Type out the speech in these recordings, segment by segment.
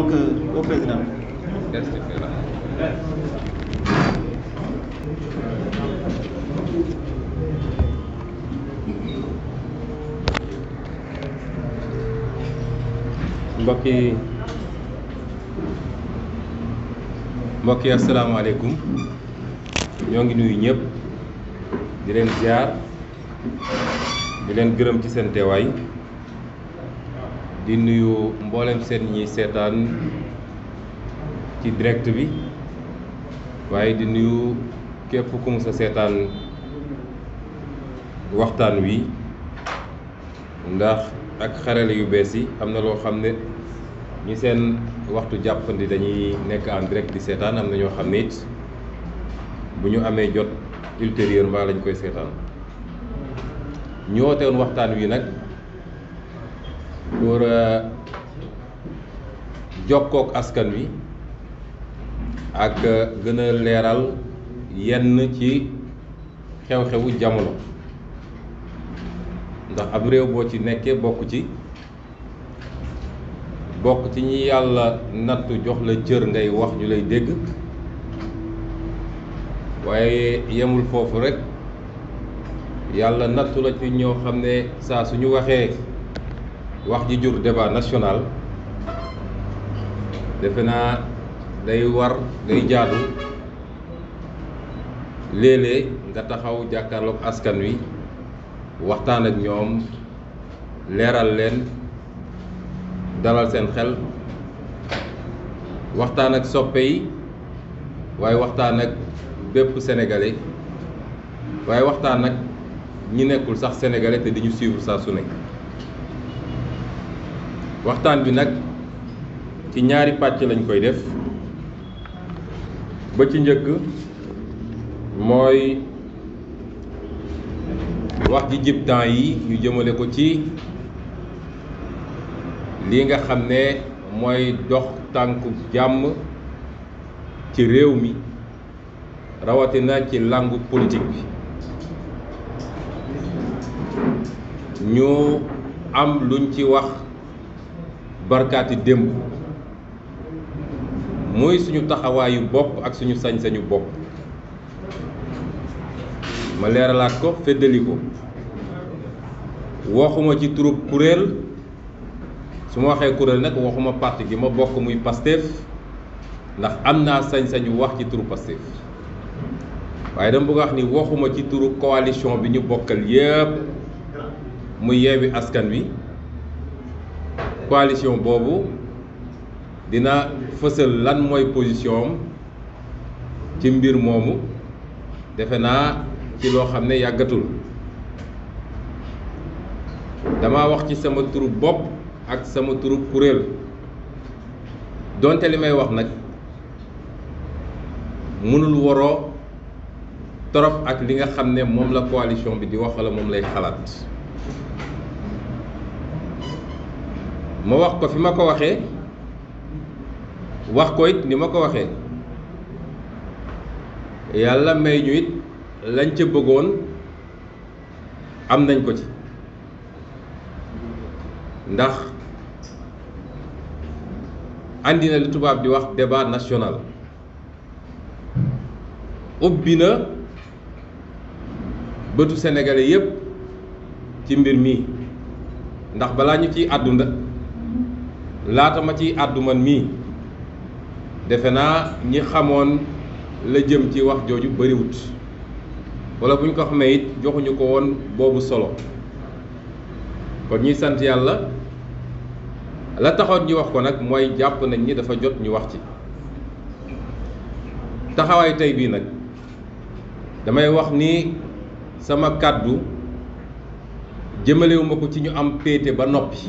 Donc, euh, au président. Qu'est-ce que tu fais là mbokk yi ñoo ngi nuyu ñëpp di leen ziar di leen gërëm ci seen di nuyu mboolem seen ñi seetaan ci direct bi waaye di nuyu képp ku mu sa seetaan waxtaan wi ndax ak xarale yu bees yi am na loo xam ne ñi seen waxtu jàppandi dañuy nekk en direct di seetaan am na ñoo xam ne it bu ñu amee jot ultérieurement lañ koy seetaan ñootewoon waxtaan wi nag pour jokkook askan wi ak gën a leeral yenn ci xew-xewu jamono ndax am réew boo ci nekkee bokk ci bokk ci ñi yàlla nattu jox la cër ngay wax ñu lay dégg waaye yemul foofu rekk yàlla nattu la ci ñoo xam ne saa suñu waxee wax ji jur débat national defe na day war day jaadu léeg-léeg nga taxaw jàkkaarloog askan wi waxtaan ak ñoom leeral leen dalal seen xel waxtaan ak soppe yi waaye waxtaan ak bépp sénégalais waaye waxtaan ak ñi nekkul sax sénégalais te di ñu suivre saa su waxtaan bi nag ci ñaari pàcc lañ koy def ba ci njëkk mooy wax ji jib yi ñu jëmale ko ci li nga xam ne mooy dox tànku jàmm ci réew mi rawatina ci langue politik bi ñu am luñ ci wax Barkati démb muy suñu taxawaayu bopp ak suñu sañ-sañu bopp ma leeralaat ko feddali ko waxuma ci turub kuréel su ma waxee kuréel nag waxuma parti gi ma bokk muy Pastef ndax am naa sañ-sañu wax ci turu Pastef waaye dama bëgg wax ni waxuma ci turu coalition bi ñu bokkal yépp muy yeewi askan wi coalition boobu dina fësal lan mooy position am ci mbir moomu defe naa ci loo xam ne yàggatul dama wax ci sama turu bopp ak sama turu kuréel donte li may wax nag mënul waroo torop ak li nga xam ne moom la coalition bi di wax walla moom lay xalaat ma wax ko fi ma ko waxee wax ko it ni ma ko waxee yàlla may ñu it lañ ca bëggoon am nañ ko ci ndax andi na li tubaab di wax débat national ubbi na bëtu sénégalais yépp ci mbir mi ndax balaa ñu ciy àdduna laata ma ciy àdduma man mii defe naa ñi xamoon la jëm ci wax jooju bëriwut wala bu ñu ko xamee it joxuñu ko woon boobu solo kon ñi sant yàlla la taxoon ñi wax ko nag mooy jàpp nañ ni dafa jot ñu wax ci taxawaay tey bii nag damay wax ni sama kàddu jëmalewuma ko ci ñu am péete ba noppi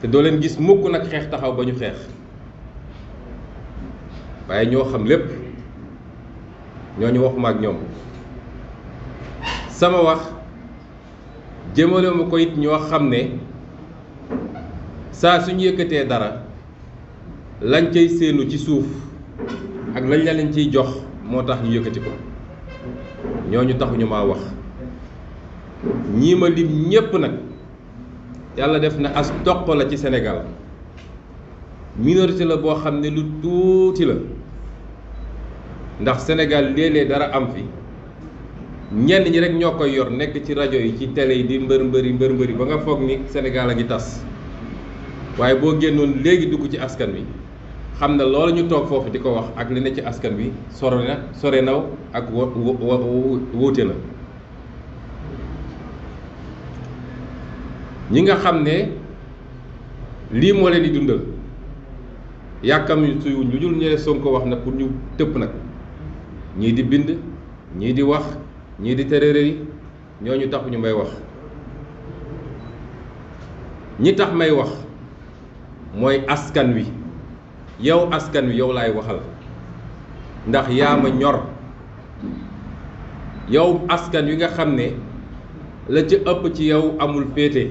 te doo leen gis mukk nag xeex taxaw ba ñu xeex waaye ñoo xam lépp ñoo ñu waxuma ak ñoom sama wax jëmale ma ko it ñoo xam ne saa suñu yëkkatee dara lañ cay séenu ci suuf ak lañ la leen ciy jox moo tax ñu yëkkati ko ñooñu taxuñu maa wax ñii ma lim ñépp nag yàlla def na as toq la ci Sénégal minorité la boo xam ne lu tuuti la ndax Sénégal léeg-léeg dara am fi ñenn ñi rek ñoo koy yor nekk ci rajo yi ci télé yi di mbër mbëri mbër mbëri ba nga foog ni Sénégal a ngi tas waaye boo génnoon léegi dugg ci askan wi xam ne loolu ñu toog foofu di ko wax ak li ne ci askan wi sore na sore naw ak wo wo wuute na. ñi nga xam ne lii moo leen di dundal yàkkam yu tuyu ñu dul ñële wax na pour ñu tëpp nag ñii di bind ñii di wax ñii di tërërë yi ñooñu tax ñu may wax ñi tax may wax mooy askan wi yow askan wi yow laay waxal ndax yaa ma ñor yow askan wi nga xam ne la ci ëpp ci yow amul féete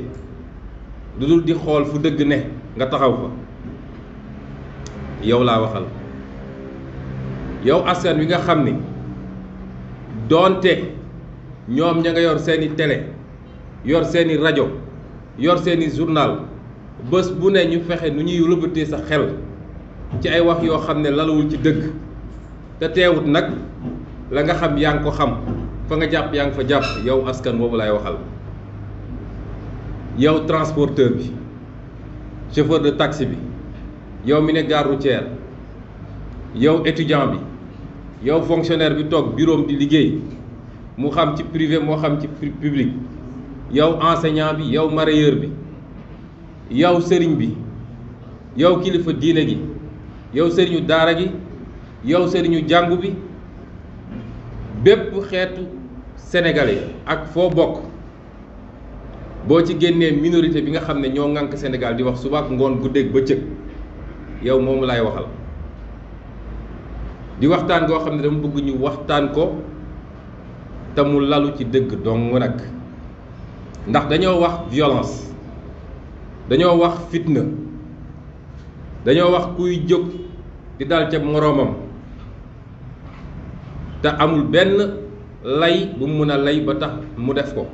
lu di xool fu dëgg ne nga taxaw fa yow laa waxal yow askan wi nga xam ni doonte ñoom nga yor seeni télé yor seeni rajo yor seeni journal bés bu ne ñu fexe nu ñuy lëbatee sa xel ci ay wax yoo xam ne lalawul ci te teewut nag la nga xam ko xam fa nga jàpp fa jàpp yow askan boobu laay waxal yow transporteur bi chauffeur de taxi bi yow mine gare routière yow étudiant bi yow fonctionnaire bi toog bureau di liggéey mu xam ci privé moo xam ci public yow enseignant bi yow mareyeur bi yow sëriñ bi yow kilifa diine gi yow sëriñu daara gi yow sëriñu jàngu bi bépp xeetu sénégalais ak foo bokk boo ci génnee minorité bi nga ne ñoo ŋànk Sénégal di wax subaak ngoon guddeeg bëccëg yow moom laay waxal di waxtaan goo xam ne dama bëgg ñu waxtaan ko te mu lalu ci dëgg dong nag ndax dañoo wax violence dañoo wax fitna dañoo wax kuy jog di dal ca moromam ta amul benn lay bu mu lay ba tax mu def ko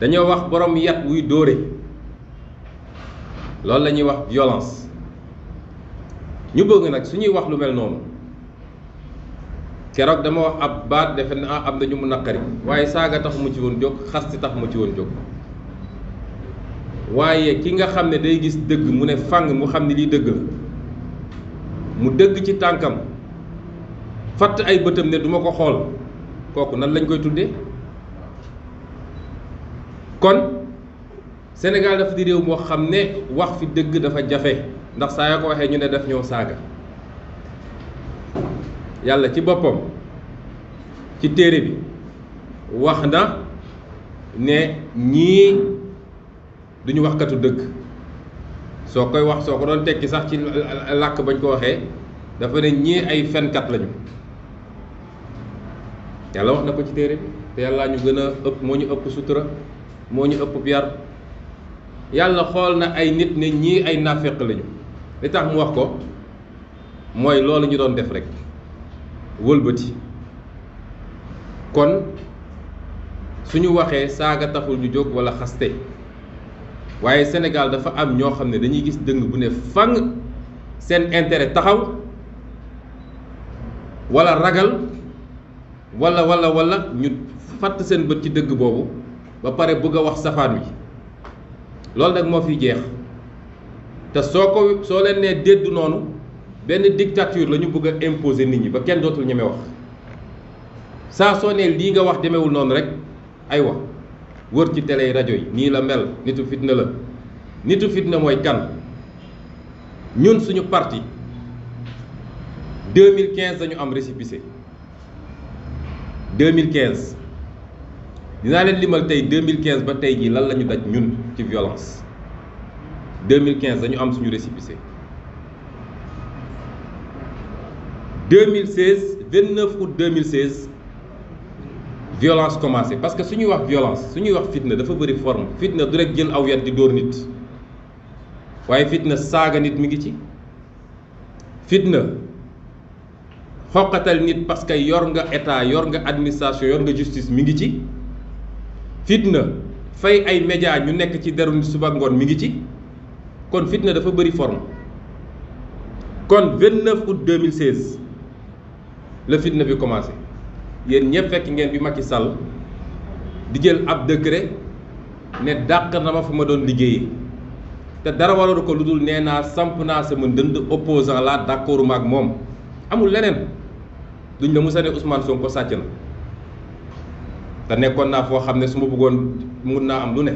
dañoo wax borom yat wuy dóore loolu la ñuy wax violence ñu bëgg nag suñuy wax lu mel noonu keroog dama wax ab baat defe naa am na ñu mu naqari waaye saaga tax mu ci woon jóg xasti tax mu ci woon jóg waaye ki nga xam ne day gis dëgg mu ne fàng mu xam ne lii dëgg la mu dëgg ci tànkam fàtt ay bëtam ne duma ko xool kooku nan lañ koy tuddee. kon Sénégal dafa di réew moo xam ne wax fi dëgg dafa jafe ndax saa yoo ko waxee ñu ne def ñëw saaga yàlla ci boppam ci téere bi wax na ne ñii duñu waxkatu dëgg soo koy wax soo ko doon tekki sax ci làkk bañ ko waxee dafa ne ñii ay fenkat lañu yàlla wax na ko ci téere bi te yàlla ñu gën a ëpp moo ñu ëpp sutura moo ñu ëpp yar yàlla xool na ay nit ne ñii ay naaféq lañu li tax mu wax ko mooy loolu ñu doon def rek wëlbati kon suñu waxee saaga taxul ñu jóg wala xaste waaye senegal dafa am ñoo xam ne dañuy gis dëng bu ne fang seen intere taxaw wala ragal wala wala walla ñu fàtt seen bët ci dëgg boobu ba Si bëgg a wax safaan lool nak mo fi jeex té soko so leen dictature la ñu bëgg imposer nit ñi ba dootul wax nga wax rek ay wax wër ci télé yi ni la mel nitu fitna la nitu fitna moy kan ñun suñu parti 2015 dañu am récépissé 2015 dinaa leen limal tay 2015 ba tay ji lan la daj ñun ci violence 2015 dañu am suñu récépissé 2016 29 août 2016 violence commencé parce que suñu wax violence suñu wax fitna dafa bari forme fitna du rek jël aw yat di dóor nit waaye fitna saga nit mi ngi ci fitna xoqatal nit parce que yor nga état yor nga administration yor nga justice mi ngi ci fitna fay ay média ñu nekk ci deru nit suba ngoon mi ngi ci kon fitna dafa bëri forme kon 29 août 2016 la fitna bi commencé yéen ñëpp fekk ngeen bi mag Macky Sall di jël ab décret ne dàq na ma fa ma doon liggéeyee te dara waralu ko lu dul nee naa samp naa sama ndënd opposant laa d'accorduma ak moom amul leneen duñ la musa ne Ousmane Sonko sàcc na. te nekkoon naa foo xam ne su ma bëggoon mun naa am lu ne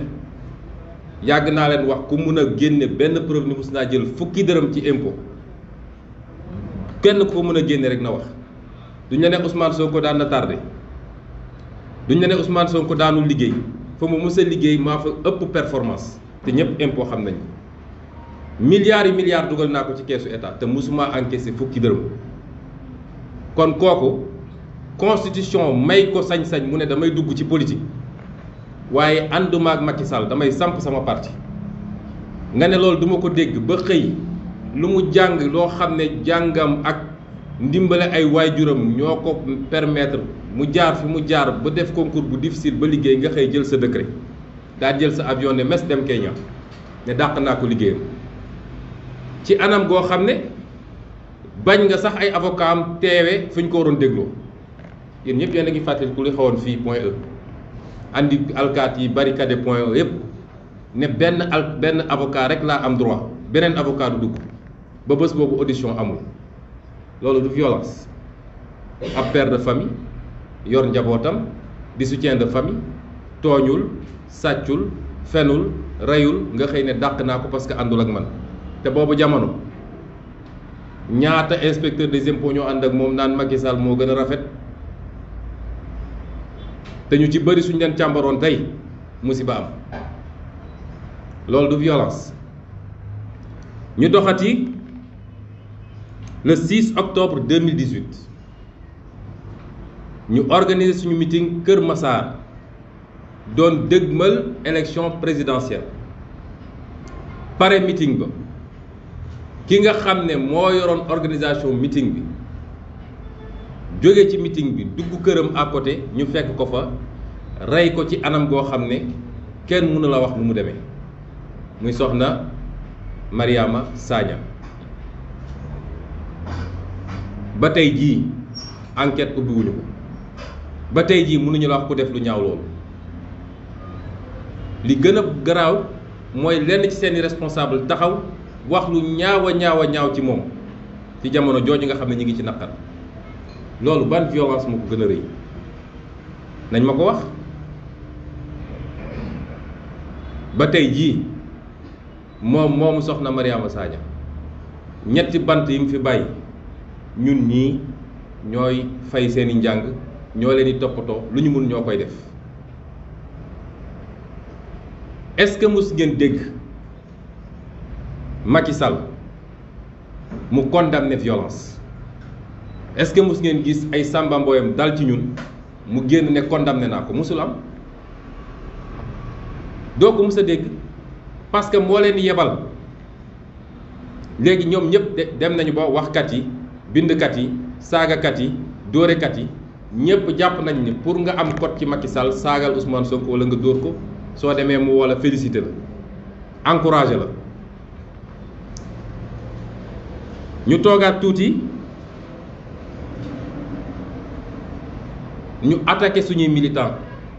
yàgg naa leen wax ku mun a génne benn preuve ni mus naa jël fukki dërëm ci impo kenn ku ko mën a génne rek na wax duñ la ne Ousmane Sonko daan na tardé duñ la ne Ousmane ko daanu liggéey fa mu mës a liggéey maa fa ëpp performance te ñëpp impo xam nañu milliards yi milliards dugal naa ko ci keesu état te mosuma encaissé fukki dërëm kon kooku. constitution may ko sañ-sañ mu ne damay dugg ci politique waaye àndumaak ak Macky damay samp sama parti nga ne loolu duma ko dégg ba xëy lu mu jàng loo xam ne jàngam ak ndimbale ay waajuram ñoo ko permettre mu jaar fi mu jaar ba def concours bu difficile ba liggéey nga xëy jël sa décret daa jël sa avion ne mes dem Kenya ne dàq naa ko liggéeyam ci anam goo xam ne bañ nga sax ay avocat teewe fu ñu ko waroon dégloo yéen ñëpp yéen a ngi fàttaliku li xewoon fii point E andi alkaat yi barricade point E yëpp ne benn al avocat rek laa am droit beneen avocat du dugg ba bés boobu audition amul loolu du violence ab père de famille yor njabootam di soutien de famille tooñul sàccul fenul rayul nga xëy ne dàq naa ko parce que àndul ak man te boobu jamono ñaata inspecteur des impôts ñoo ànd ak moom naan Macky Sall moo gën a rafet te ñu ci bëri suñu leen càmbaroon tey de loolu du violence ñu doxati le 6 octobre 2018 ñu organisé suñu meeting Kër Massar doon dëgmal élection présidentielle pare meeting qui ki nga xam ne à organisation meeting jóge ci meeting bi dugg këram à côté ñu fekk ko fa rey ko ci anam goo xam kenn mënu la wax nu mu muy soxna mariama sagna ba angket ubu ubu. ubbiwuñu ko ba tey jii mënuñu la wax ku def lu ñaaw loolu li nyawa a garaaw mooy lenn ci seeni responsable taxaw wax lu ñaawa ñaawa ñaaw ci ci jamono nga ngi ci loolu ban violence moo ko gën a rëy nañ ma ko wax ba tey jii moom moomu soxna Mariama Sadia ñetti bant yi fi ñun fay seeni njàng ñoo leen di toppatoo lu ñu def est-ce que mos ngeen dégg Macky Sall mu violence est ce que mus ngeen gis ay Samba Mboyam dal ci ñun mu génn ne condamné naa ko musul am doo ko mus a dégg parce que moo leen yebal léegi ñoom ñëpp dem nañu ba waxkat yi bindkat yi saagakat yi dóorekat yi ñëpp jàpp nañ ne pour nga am kot ci Macky Sall saagal Ousmane Sonko wala nga dóor ko soo demee mu wala félicité la encouragé la ñu toogaat tuuti. ñu attaqué suñuy militants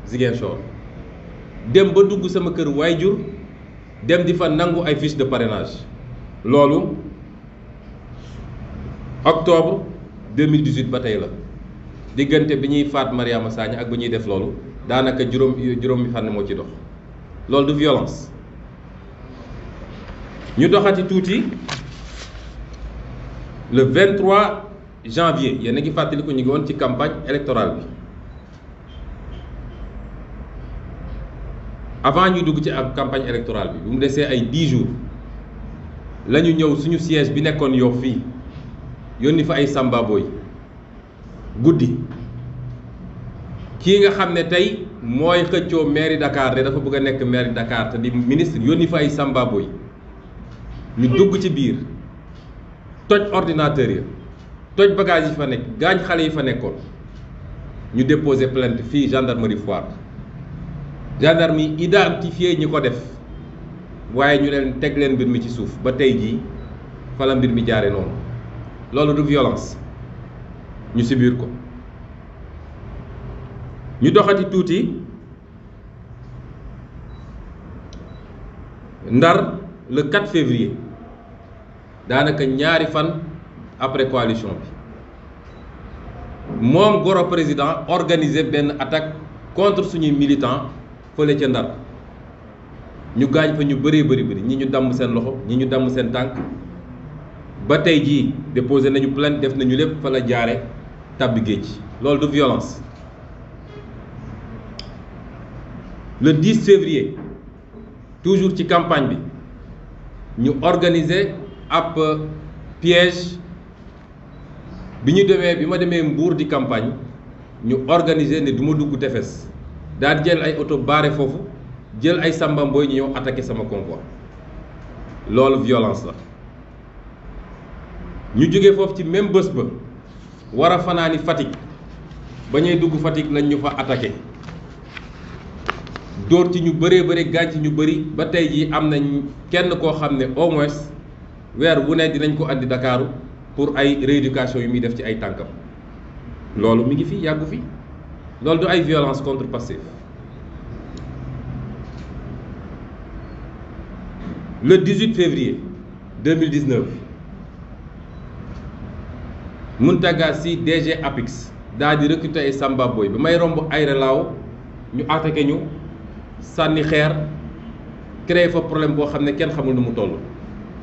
Ziguinchor dem ba dugg sama kër wayjur dem di nangu ay de parrainage loolu octobre 2018 ba la diggante bi fat faat Mariama la ak de def loolu daanaka juróom du violence ñu doxati le 23 janvier y a ngi fàttaliku ñu ngi campagne électorale avant ñu dugg ci campagne électorale bi bu mu 10 ay dix jours la ñëw suñu siège bi yo fi fa ay Samba Boy Nous ki nga xamné tay moy xëccio maire mairie Dakar de dafa bëgg a nekk Dakar ministre fa ay Samba Boy ñu dugg ci biir toj ordinateur toj bagage yi fa nekk yi plainte gendarmerie gendarmes yi identifié ñi ko def une ñu leen leen mi ci souf ba ji fa la du violence ñu subir ko ñu doxati ndar le 4 février eu ñaari fan après coalition bi mom goro président organisé une attaque contre suñu militants fële ci ndar ñu gaañ fa ñu bëree bëri bëri ñi ñu damm seen loxo ñi ñu damm seen tànk ba tey jii déposé nañu plainte def nañu lépp fa la jaare tabbi géej loolu du violence le 10 février toujours ci campagne bi ñu organiser ab euh, piège bi ñu demee bi ma demee Mbour di campagne ñu organiser ne du ma dugg tefes daal jël ay oto baare foofu jël ay sàmbam ñu ñëw attaqué sama convoi loolu violence la ñu jóge foofu ci même bés ba war a fanaani Fatick ba ñuy dugg Fatick lañ ñu fa attaqué dóor ci ñu bëree bëri gaañ ci ñu bari ba tey jii am nañ kenn koo xam ne au moins weer wu ne dinañ ko andi ndakaaru pour ay rééducation yu muy def ci ay tànkam loolu mu ngi fi yàggu fi. loolu du ay violence contre passive le 18 février 2019 Muntagasi Sy DG Apix daal di recruter ay Samba Boy bi may romb ay relaaw ñu attaqué ñu sànni xeer créé fa problème boo xam ne kenn xamul nu mu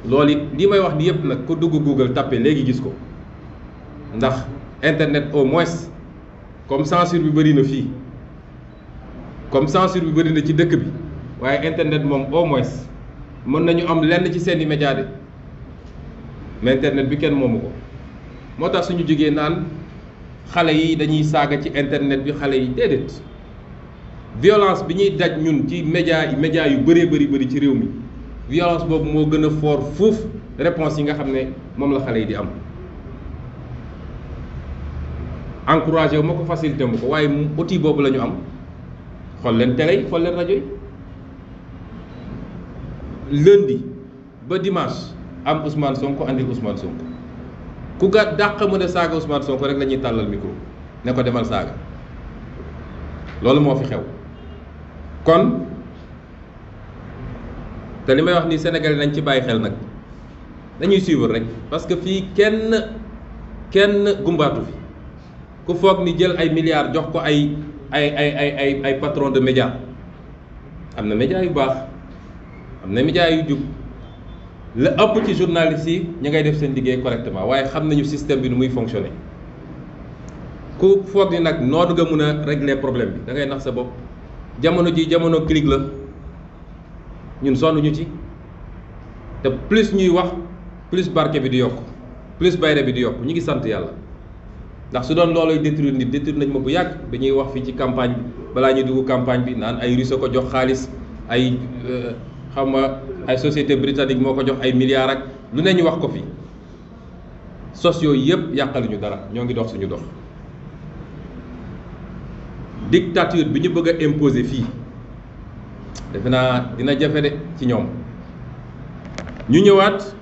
Ce que je li c'est wax Google tape léegi gis ko ndax internet au moins comme censure bi bëri na fii comme censure bi bëri na ci dëkk bi waaye internet moom au moins mën nañu am lenn ci seeni média de mais internet bi kenn moomu ko moo tax suñu jógee naan xale yi dañuy saaga ci internet bi xale yi déedéet violence bi ñuy daj ñun ci média yi média yu bëree bëri bëri ci réew mi violence boobu moo gën a foor fuuf réponse yi nga xam ne moom la xale yi di am encouragé wu ma ko facilité ma ko waaye outil boobu lañu am xool leen télé yi xool leen rajo yi lundi ba dimanche am Ousmane Sonko andi Ousmane Sonko ku ga dàq mën ne saaga Ousmane Sonko rek la ñuy tàllal micro ne ko demal saaga loolu moo fi xew kon te li may wax ni Sénégalais nañ ci bàyyi xel nag dañuy suivre rek parce que fii kenn kenn gumbaatu fi. ku foog ni jël ay milliards jox ko ay ay ay ay ay ay patron de média am na média yu baax am na média yu jub la ëpp ci journalistes yi ñu ngay def seen liggéey correctement waaye xam nañu système bi nu muy fonctionner ku foog ni nag noonu nga mën a régler problème bi da ngay nax sa bopp jamono ji jamono clic la ñun sonn ñu ci te plus ñuy wax plus barke bi di yokk plus bayre bi di yokk ñu ngi sant yàlla ndax su doon looloy détruire nit détruire nañ ma bu yàgg dañuy wax fii ci campagne bi balaa ñu dugg campagne bi naan ay russe ko jox xaalis ay xam nga ay société britannique moo ko jox ay milliards ak lu wax ko fi sos dara dox suñu dox dictature bi bëgg imposer fii dina jafe de ci ñoom ñu ñëwaat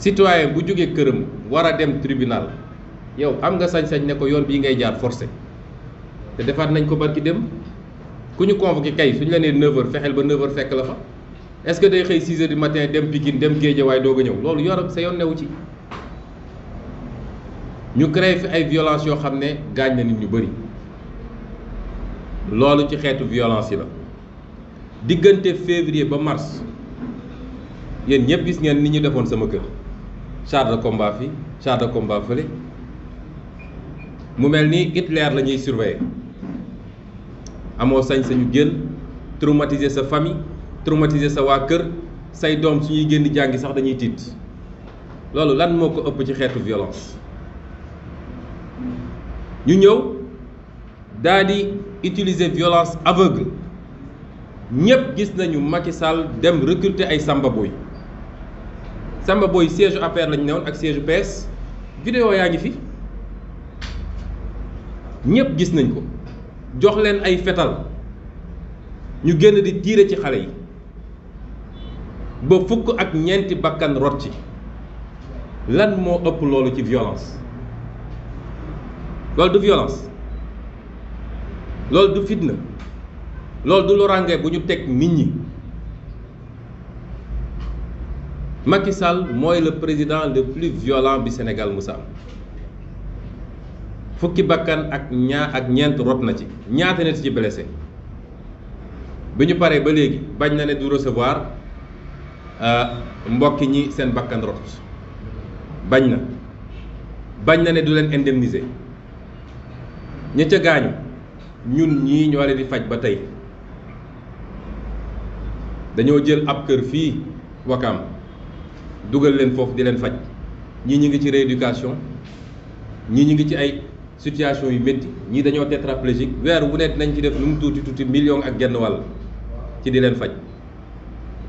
citoyen bu jógee këram war a dem tribunal yow am nga sañ-sañ ne ko yoon bii ngay jaar forcé te defaat nañ ko barki dem ku ñu convoqué kay suñu la nee 9 fexeel ba 9 fekk la fa est-ce que day xëy 6 di du matin dem Pikine dem Guédiawaye doog a ñëw loolu yoram sa yoon newu ci ñu créé fi ay violence yoo xam ne gaañ na nit ñu bëri loolu ci xeetu violence yi la diggante février ba mars yéen ñëpp gis ngeen ni ñu defoon sama kër. char de combat fi char de combat fële mu melni Hitler lañuy surveiller amo sañ-sañu génn traumatiser sa famille traumatiser sa wa kër say dom suñuy ñuy jangi sax dañuy tit loolu lan moko upp ci xeetu violence ñu ñëw dadi utiliser violence aveugle ñepp gis nañu Macky Sall dem recruter ay Samba Boy Samba Boy siège APR lañ newoon ak siège PS vidéo yaa ngi fi ñëpp gis nañ ko jox leen ay fetal ñu génn di tiire ci xale yi ba fukk ak ñeenti bakkan rot ci lan mo ëpp loolu ci violence loolu du violence loolu du fitna loolu du lorange bu ñu nit Macky Sall mooy le président le plus violent du Sénégal Moussa am fukki bakkan ak ñaa ak ñent rot na ci ñaata nit ci blessé biñu paré ba légui bañ na ne du recevoir euh, mbokk ñi sen bakkan rot bañ na bañ na né du leen indemniser ña ca ñun ñi ñoo di faj ba tay dañoo jël ab kër fii wakam dugal leen foofu di leen faj ñii ñu ngi ci rééducation ñu ngi ci ay situation yu métti ñii dañoo tétraplégique weer wu des nañ ci def lu mu tuuti ak genn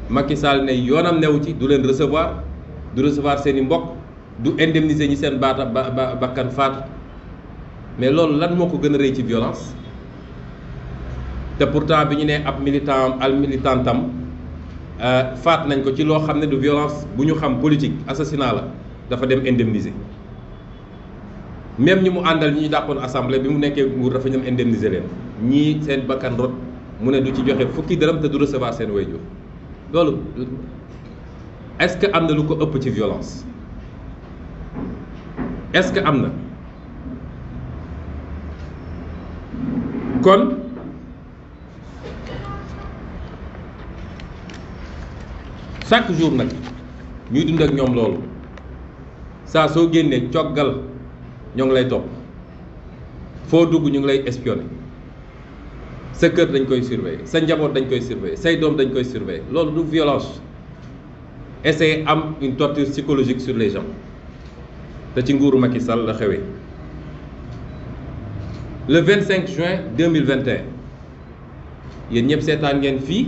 ne du recevoir du recevoir indemniser ñi ba bakkan mais loolu lan moo ko gën ci violence te pourtant bi ab militant Euh, faat nañ ko ci loo xam ne du violence bu ñu xam politique assassinat la dafa dem indemniser même ñi mu àndal ñi ñu dàppoon assemblée bi mu nekkee nguur dafa dem indemniser leen ñii seen bakkan rot mu ne du ci joxe fukki dërëm te du recevoir seen waajur loolu est-ce que am na lu ko ëpp ci violence est-ce que am na kon chaque jour nous ñuy dund ak ñom lool saa so génné ciogal ñong lay top fo dugg lay sa kër dañ koy surveiller sa njaboot dañ koy surveiller say violence C'est am une torture psychologique sur les gens ci le 25 juin 2021 yeen ñepp ngeen fii.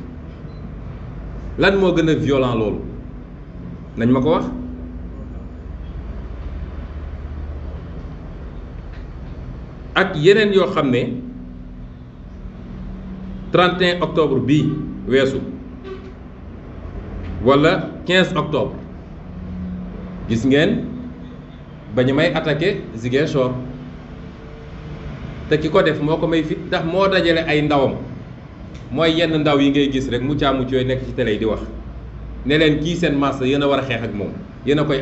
lan moo gën a violent loolu nañ ma ko wax ak yeneen yoo xam ne 31 octobre bii weesu walla 15 octobre gis ngeen ba ñu may attaqué Ziguinchor te ki ko def moo ko may fit ndax moo dajale ay ndawam mooy yenn ndaw yi ngay gis rek mu caamu cooy nekk ci télé yi di wax ne leen kii seen masse yéen a ak koy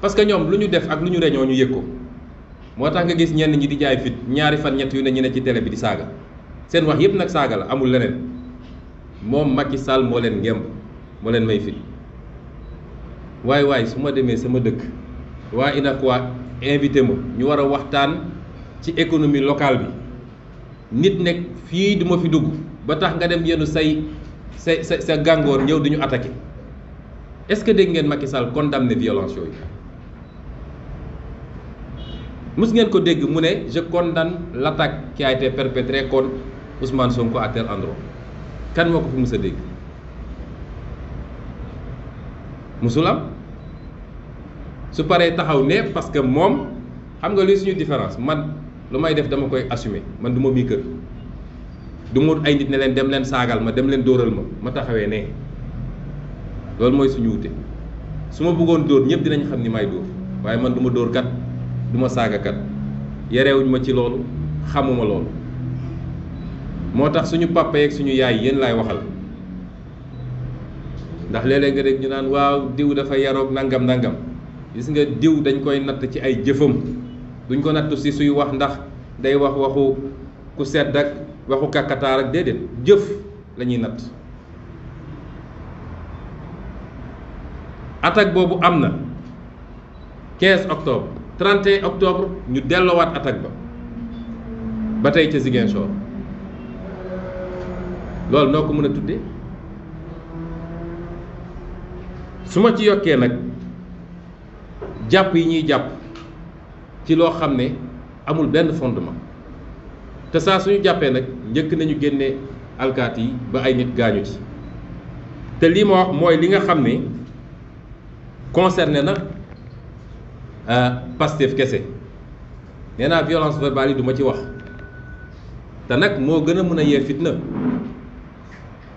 parce que def ak lu ñu reñoo ñu yëg ko nga gis ñenn ñi di jaay fit ñaari fan ñett yu ne ñu ne ci télé bi di wax la amul leneen mom Macky Sall moo molen ngemb moo leen may fit way way su ma demee sama dëkk waa INACOI invité ma ñu war waxtaan ci économie locale bi nit nek fi du fi dugg ba tax nga dem yenu say sa sa est-ce que ngeen Macky Sall violence Si mus ngeen ko mu je condamne l'attaque qui a été perpétrée contre Ousmane Sonko à tel endroit kan ce que fi musulam parce que mom xam nga différence Lumai def dama koy assumer man du ma mii kër mu ay nit ne leen dem len sagal ma dem leen dóoral ma ma taxawee ne loolu mooy suñu wute su ma bëggoon dóor ñëpp dinañ xam ni may dóor waaye man du ma dóor kat du ma kat yarewuñ ma ci loolu xamuma loolu moo suñu papa yeeg suñu yaay yéen laay waxal ndax léeg nga dégg ñu naan waaw diw dafa yaroog nangam nangam gis nga dañ koy ci ay duñ ko natt si suy wax ndax day wax waxu ku sedd ak waxu kàkkataar ak déedéet jëf la ñuy natt atak boobu am na 15 octobre 31 octobre ñu delloowaat attaque ba ba tey ca Ziguinchor loolu noo ko mën a ci yokkee nag jàpp yi ñuy jàpp ci lo xamné amul ben fondement té sa suñu jappé nak njëkk nañu génné alkaat yi ba ay nit gañu ci té li mo wax mooy li nga xamné ne concerné na euh, Pastef kessé nee naa violence verbale yi du ma ci wax té nak mo gëna mëna yé fitna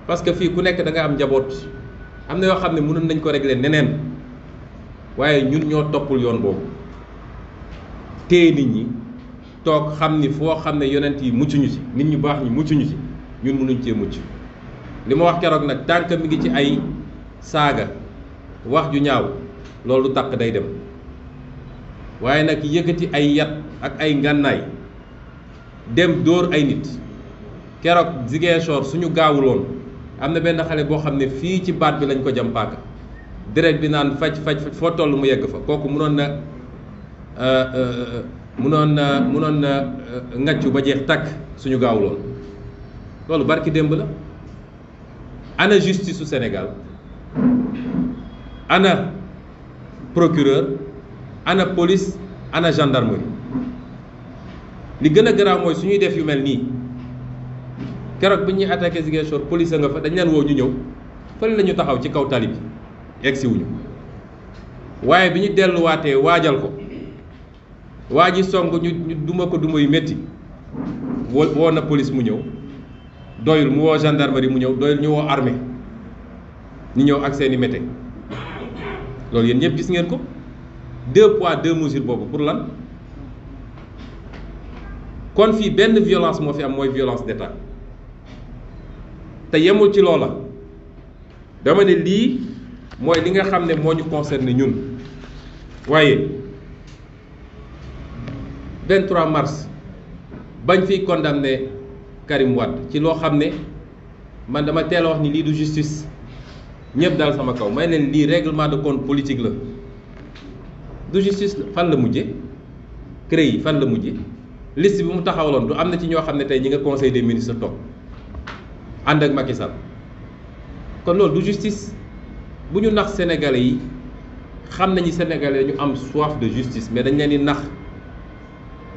parce que fi ku nekk da nga am njaboot am na yoo xam ne mënoon nañ ko régler neneen waaye ñun ñoo topul yoon boobu téye nit ñi toog xam ni foo xam ne yonent yi muccuñu ci nit ñu baax ñi muccuñu ci ñun mënuñ cee mucc li ma wax keroog nag tànk mi ngi ci ay saaga wax ju ñaaw loolu day dem waaye nag yëkkati ay yat ak ay ngànnaay dem dóor ay nit keroog Ziguinchor suñu gaawuloon am na benn xale boo xam ne fii ci baat bi lañ ko jam paaka bi naan faj faj faj foo toll mu yegg fa kooku mënoon na Euh, euh, euh, munoon na munoon na ngaccu ba jeex takk suñu gaaw lool loolu barki démb la ana justice su senegal ana procureur ana police ana gendarmerie li gën a garaaw mooy su ñuy def yu mel nii keroog bi ñuy attaqué Ziguinchor police nga fa dañ leen woo ñu ñëw fële la ñu taxaw ci kaw tali bi egg si wuñu waaye bi ñu delluwaatee waajal ko. waa ji ñu duma ko duma yu métti woo woo na police mu ñëw doyul mu woo gendarmerie mu ñëw doyul ñu woo armée ñu ñëw ak seeni mété loolu yéen ñëpp gis ngeen ko deux poids deux mesures boobu pour lan kon fii benn violence moo fi am mooy violence d'état te yemul ci loola dama ne lii mooy li nga xam ne moo ñu concerné ñun waaye 23 mars bañ condamné Karim Wade ci lo xamné man dama wax ni du justice ñepp dal sama kaw may leen li règlement de compte politique la du justice fan la mujjé créé fan la mujjé liste bi mu du amna ci ño xamné conseil des ministres ak Macky Sall justice buñu nax sénégalais yi sénégalais soif de justice mais dañ leen nax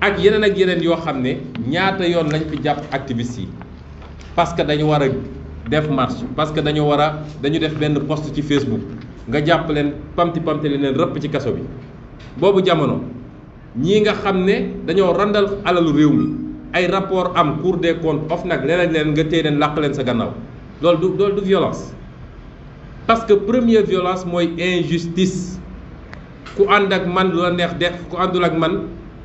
ak yeneen ak yeneen yoo xam ne ñaata yoon lañ fi jàpp activiste yi parce que dañu war a def marche parce que dañu war a dañu def benn post ci Facebook nga jàpp leen pamti pamti leen rëpp ci kaso bi boobu jamono ñii nga xam ne dañoo randal alalu réew mi ay rapport am cour des comptes of nag leneen leen nga téye leen làq leen sa gannaaw loolu du loolu du violence parce que première violence mooy injustice ku ànd ak man lu la neex def ku àndul ak man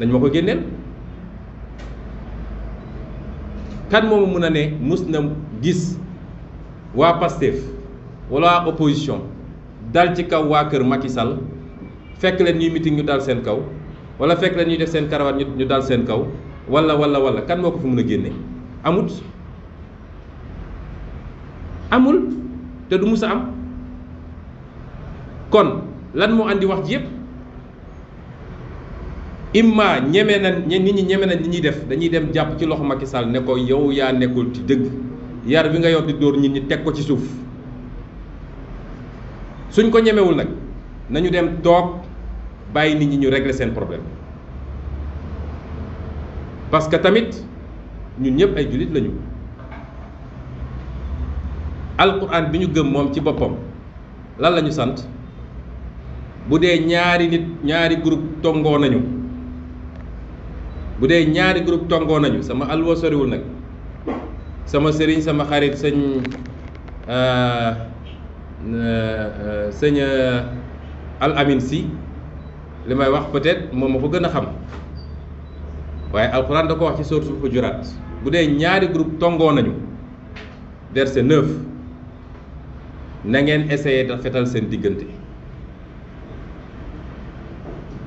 dañ ma ko génneel kan moom mun a ne mus na gis waa Pastef walla waa opposition dal ci kaw waa kër Macky fekk leen ñuy meeting ñu dal seen kaw wala fekk leen ñuy def seen karawaat ñu dal seen kaw wala wala wala kan moo ko fi mun a génne amut amul te du mus a am kon lan moo indi wax ji yépp imma ñeme na nit ñi def, na nit def dañuy dem jàpp ci loxo Macky Sall ne ko yow yaa nekkul ci dëgg yar bi nga yor di dóor nit ñi teg ko ci suuf suñ ko ñemewul nag nañu dem toog bàyyi nit ñi ñu régler seen problème parce que tamit ñun ñëpp ay julit lañu alquran bi ñu gëm moom ci lan lañu sant bu nyari ñaari nit ñaari groupe tongoo nañu bu dee ñaari groupe tongoo nañu sama alwa soriwul nag sama sëriñ sama xarit sëñ sëñ al amin si li may wax peut-être moom ma ko gën a xam waaye alquran da ko wax ci sourate Hujurat bu ñaari groupe tongoo nañu verset 9 na ngeen essayer da fetal seen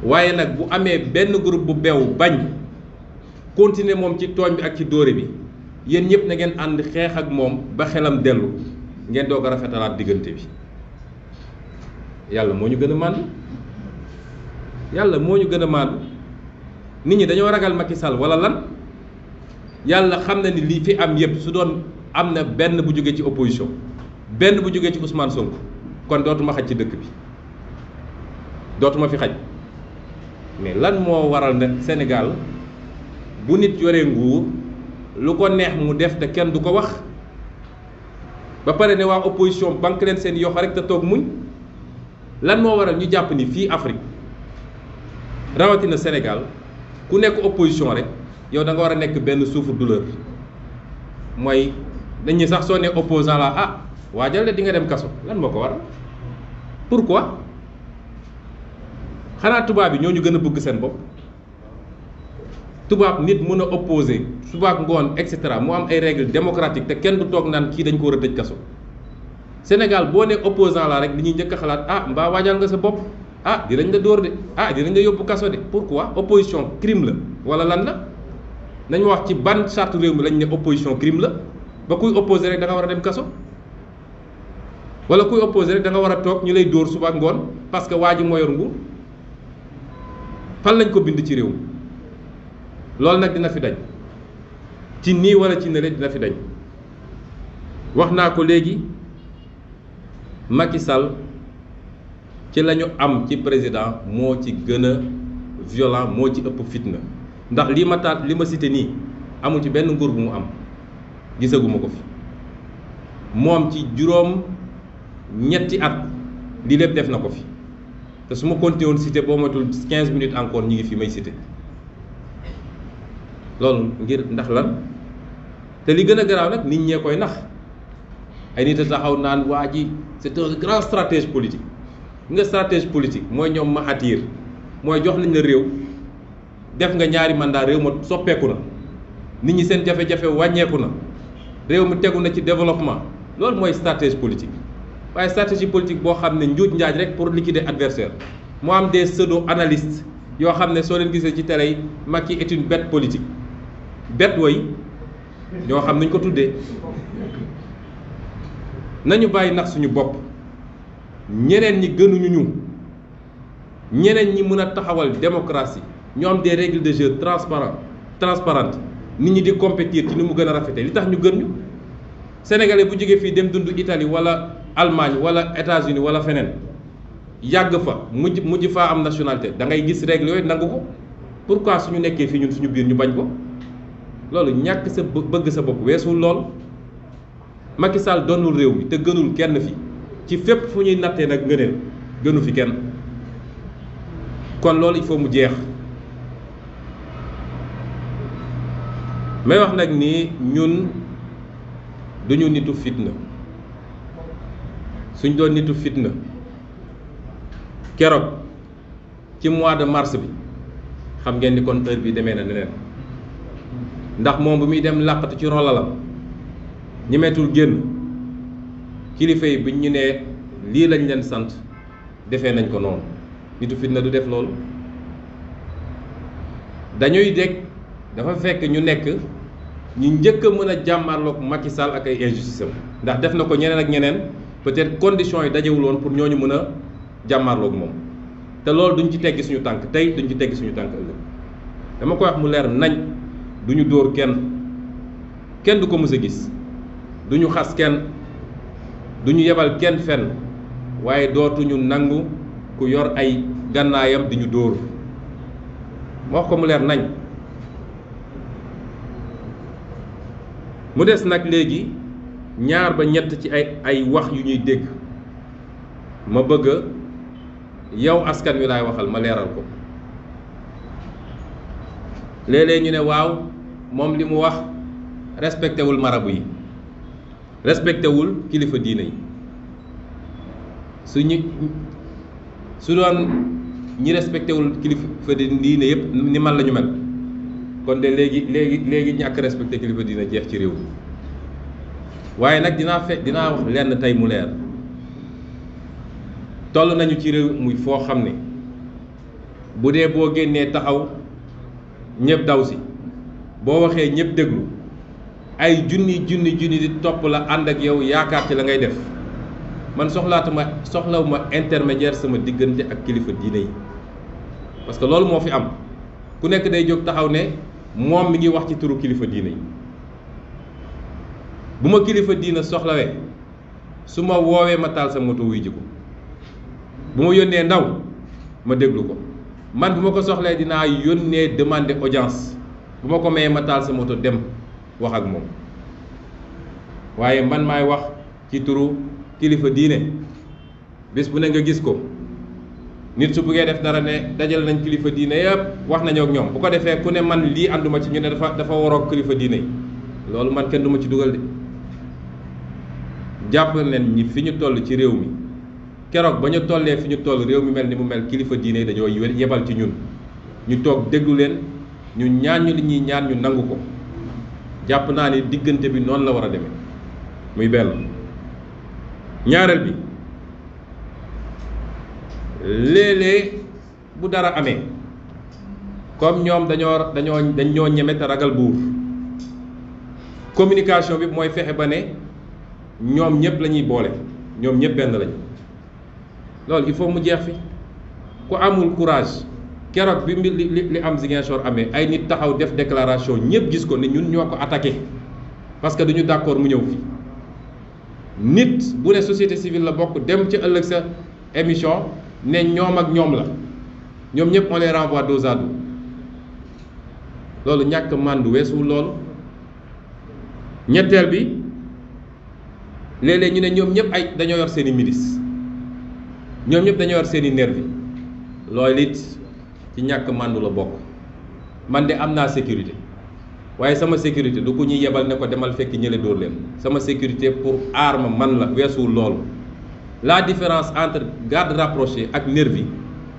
bu ame ben groupe bu beew bañ continuer moom ci tooñ bi ak ci dóore bi yéen ñëpp nangeen ànd xeex ak moom ba xelam dellu ngeen doog a rafetalaat diggante bi yàlla moo ñu gën a màndu yàlla moo ñu gën a màndu nit ñi dañoo ragal Macky Sall wala lan yàlla xam na ni li fi am yëpp su doon am na benn bu jógee ci opposition benn bu jógee ci Ousmane Sonko kon dootuma xaj ci dëkk bi dootuma fi xaj mais lan moo waral ne Sénégal bu nit yoree nguur lu ko neex mu def te kenn du ko wax ba pare ne waa opposition banque leen seen yoxo rek te toog muñ lan moo waral ñu jàpp ni fii Afrique rawatina Sénégal ku nekk opposition rek yow da nga war a nekk benn souffre-douleur mooy dañ sax soo ne opposant la ah waa la di nga dem kaso lan moo ko waral pourquoi xanaa tubaab bi ñoo ñu gën a bëgg seen bopp. tubaab nit mën a opposé subaak ngoon et cetera mu am ay règles démocratiques te kenn du toog naan kii dañ ko war a tëj kaso Sénégal boo ne opposant la rek li ñuy njëkk a xalaat ah mbaa waajal nga sa bopp ah dinañ la dóor de ah dinañ la yóbbu kaso de pourquoi opposition crime la wala lan la nañ wax ci ban charte réew mi lañ ne opposition crime la ba kuy opposé rek da nga war a dem kaso wala kuy opposé rek da nga war a toog ñu lay dóor subaak ngoon parce que waa ji yor nguur fan lañ ko bind ci réew mi loolu nag dina fi dañ ci nii wala ci nële dina fi dañ wax naa ko léegi Macky Sall ci lañu am ci président moo ci gëna a violent moo ci ëpp fitna ndax li ma taat li ma site nii amul ci benn nguur bu mu am gisaguma ko fi moom ci juróom ñetti at li lépp def na ko fi te su ma continué woon boo matul 15 minutes encore ñi ngi fi may cité. loolu ngir ndax lan te li gën a garaaw nag nit ñee koy nax ay nit a taxaw naan waa ji c'est un grand stratège politique nga stratège politique mooy ñoom Mahathir mooy jox nañ la réew def nga ñaari mandat réew ma soppeeku na nit ñi seen jafe-jafe wàññeeku na réew mi tegu na ci développement loolu mooy stratège politique waaye stratégie politique boo xam ne njuuj njaaj rek pour liquider adversaire moo am des pseudo analystes yoo xam ne soo leen gisee ci télé yi Macky est une bête politique nous way ñoo xam nañ ko tuddé nañu nak suñu nous ñeneen ñi ñu ñeneen ñi taxawal démocratie Nous avons des règles de jeu transparent transparentes nit ñi di compétir ci nous mu des nous li tax ñu gën sénégalais bu Italie wala Allemagne wala États-Unis wala fa nationalité pourquoi suñu nekkee sommes ñun suñu lolou ñak sa bëgg sa bopp wessul lol Macky Sall donul rew mi te gënul kenn fi ci fépp fu ñuy nattee nag ngëneel gënu fi kenn kon loolu il faut mu jeex may wax nak ni ñun duñu nitu fitna suñ doon nitu fitna kérok ci mois de mars bi xam ngeen ni kon heure bi démé na neneen ndax moom bu muy dem làqatu ci rolalam ñemeetul génn kilifa yi buñ ñu nee lii lañ leen sant defee nañ ko noonu nitu fitna du def loolu dañuy dégg dafa fekk ñu nekk ñu njëkk a mën a jàmmarloog Macky Sall ak ay injustice ndax def na ko ñeneen ak ñeneen peut-être conditions yi dajewul woon pour ñooñu mën a jàmmarloog moom te loolu duñ ci teggi suñu tànk tey duñ ci teggi suñu tànk ëllëg dama koy wax mu leer nañ duñu ñu dóor kenn kenn du ko mës gis duñu ñu xas kenn du yebal kenn fenn waaye dootuñu nangu ku yor ay gànnaayam di dóor ma wax ko mu leer nañ mu des nag léegi ñaar ba ñett ci ay wax yu ñuy dégg ma bëgg yow askan wi laay waxal ma leeral ko léeg ñu ne waaw moom li mu wax respecté wul marabu yi respecté wul kilifa diine yi su ñu su doon ñi respecté wul kilifa diine yëpp ni man lañu ñu mel kon de léegi léegi léegi ñàkk respecté kilifa dina jeex ci réew mi waaye nag dinaa fe dinaa wax lenn tey mu leer toll nañu ci réew muy foo xam ne bu dee boo génnee taxaw ñëpp daw si. boo waxee ñëpp deglu ay junni junni junni di topp la ànd ak yow yaakaar ci la ngay def man soxlaatuma soxlawuma intermédiaire sama diggante ak kilifa diine yi parce que loolu moo fi am ku nekk day jóg taxaw ne moom mi ngi wax ci turu kilifa diine yi buma ma kilifa diina soxlawee su ma woowee ma taal sa moto wuy ji ko bu ma ndaw ma déglu ko man buma ma ko soxlee dinaa yónnee demander audience bu ma ko mayee ma sa moto dem wax ak moom waaye man kituru wax ci turu kilifa diine bis bu ne nga gis ko nit su buggee def dara ne dajal nañ kilifa diine yëpp wax nañoo ak ñoom bu ko defee ku ne man li ànduma ci ñu ne dafa dafa waroog kilifa diine yi man kenn duma ci dugal de jàpp leen ñi fi toll ci réew mi keroog toll mi mel ni mu mel kilifa diine yi dañoo yebal ci ñun ñu leen ñu ñaan ñu li ñuy ñaan ñu nangu ko jàpp naa ne diggante bi noonu la war a demee muy benn ñaareel bi léeg-léeg bu dara amee comme ñoom dañoo dañoo dañoo ragal buur communication bi mooy fexe ba ne ñoom ñëpp la boole ñoom ñëpp benn lañ loolu il faut mu jeex fi ku amul courage. keroog bi qui li li am Ziguinchor ay nit taxaw def déclaration gis ko ne ñun ñoo ko parce que duñu d'accord mu ñëw fi nit bu ne société civile la bokk dem ci ëllëg sa émission ne ñoom ak ñoom la ñoom ñëpp on les renvoie à dos loolu ñàkk màndu weesuwul bi léeg ñu ne ñoom ñëpp ay dañoo yor ci ñàkk màndu la bokk man de am naa sécurité waaye sama sécurité du ko ñuy yebal ne ko demal fekk ñële dóor leen sama sécurité pour aar ma man la weesu loolu la différence entre garde rapproché ak nervi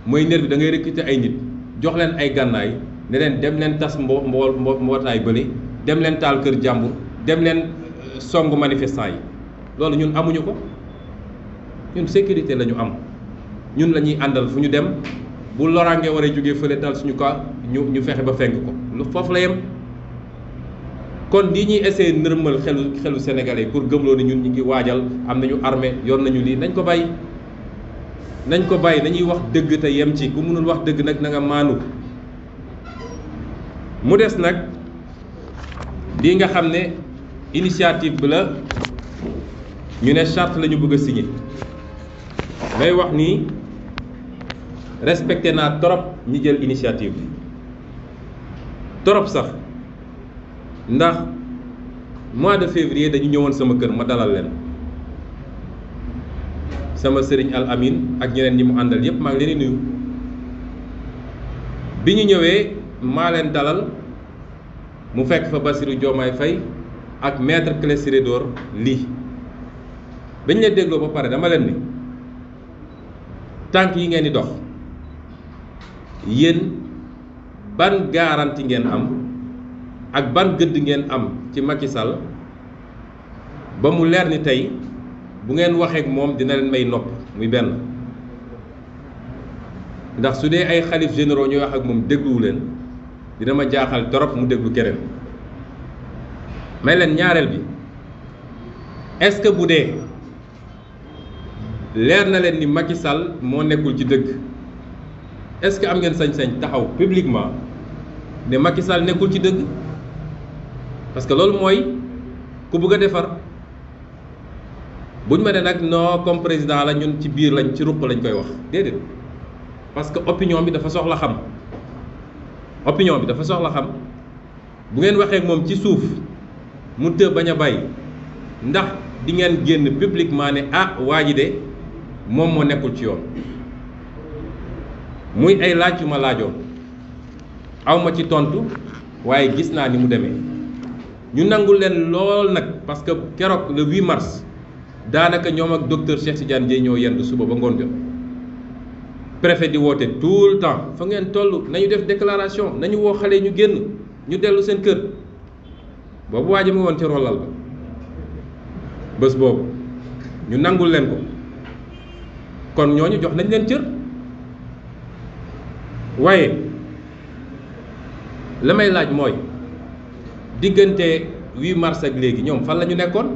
mooy nervi da ngay recruter ay nit jox leen ay gànnaay ne leen dem leen tas mbo mbo mbootaay bële dem leen taal kër jàmbur dem leen euh, song manifestant yi loolu ñun amuñu ko ñun sécurité la ñu am ñun la ñuy àndal fu ñu dem bu lorange waré joggé fëlé dal suñu ka ñu ñu fexé ba feng ko lu fofu la yam kon li ñuy essayer nërmal xelu xelu sénégalais pour ni ñun ñi ngi am nañu armée yor nañu li nañ ko bàyyi nañ ko bàyyi nañuy wax dëgg te yem ci ku mënul wax dëgg nag na nga maanu mu des nag lii nga xam initiative la ñu ne charte la bëgg a wax respecté na torop ñi jël initiative bi torop sax ndax mois de février dañu ñëwoon sama kër ma dalal leen sama serigne al amin ak ñeneen ñi mu àndal yépp maa ngi leen nuyu bi ñu ñëwee maa leen dalal mu fekk fa Bassirou diomaay fay ak maître Ciré Clédor lii bañ leen dégloo ba pare dama leen ni tànk yi ngeen di dox yéen ban garanti ngeen am ak ban gëdd ngeen am ci Macky Sall ba mu leer ni tey bu ngeen waxeek moom dina leen may nopp muy ben ndax su ay xalif généraux ñooy wax ak moom dégluwu leen dina ma jaaxal torop mu déglu keneen may leen bi est-ce que bu dee leer na leen ni Macky Sall moo nekkul ci est-ce que am ngeen sañ-sañ taxaw publiquement ne Macky Sall nekkul ci dëgg parce que loolu mooy ku bëgg a defar buñ ma ne nag non comme président la ñun ci biir lañ ci ruq lañ koy wax déedéet parce que opinion bi dafa soxla xam opinion bi dafa soxla xam bu ngeen ci mu a ndax di ngeen publiquement ne ah waa ji de moom moo ci yoon muy ay laaj yu ma laajoon aw ma ci tontu waaye gis naa ni mu demee ñu nangu leen lool nag parce que keroog le 8 mars daanaka ñoom ak docteur Cheikh Tidiane Dièye ñoo yendu suba ba ngoon jot préfet di woote tout le temps fa ngeen toll nañu def déclaration nañu woo xale yi ñu génn ñu dellu seen kër boobu waa ji woon ci rollal ba bés boobu ñu nangul leen ko kon ñoo ñu jox nañ leen cër. waaye la may laaj mooy diggante 8 mars léegi ñoom fan la ñu nekkoon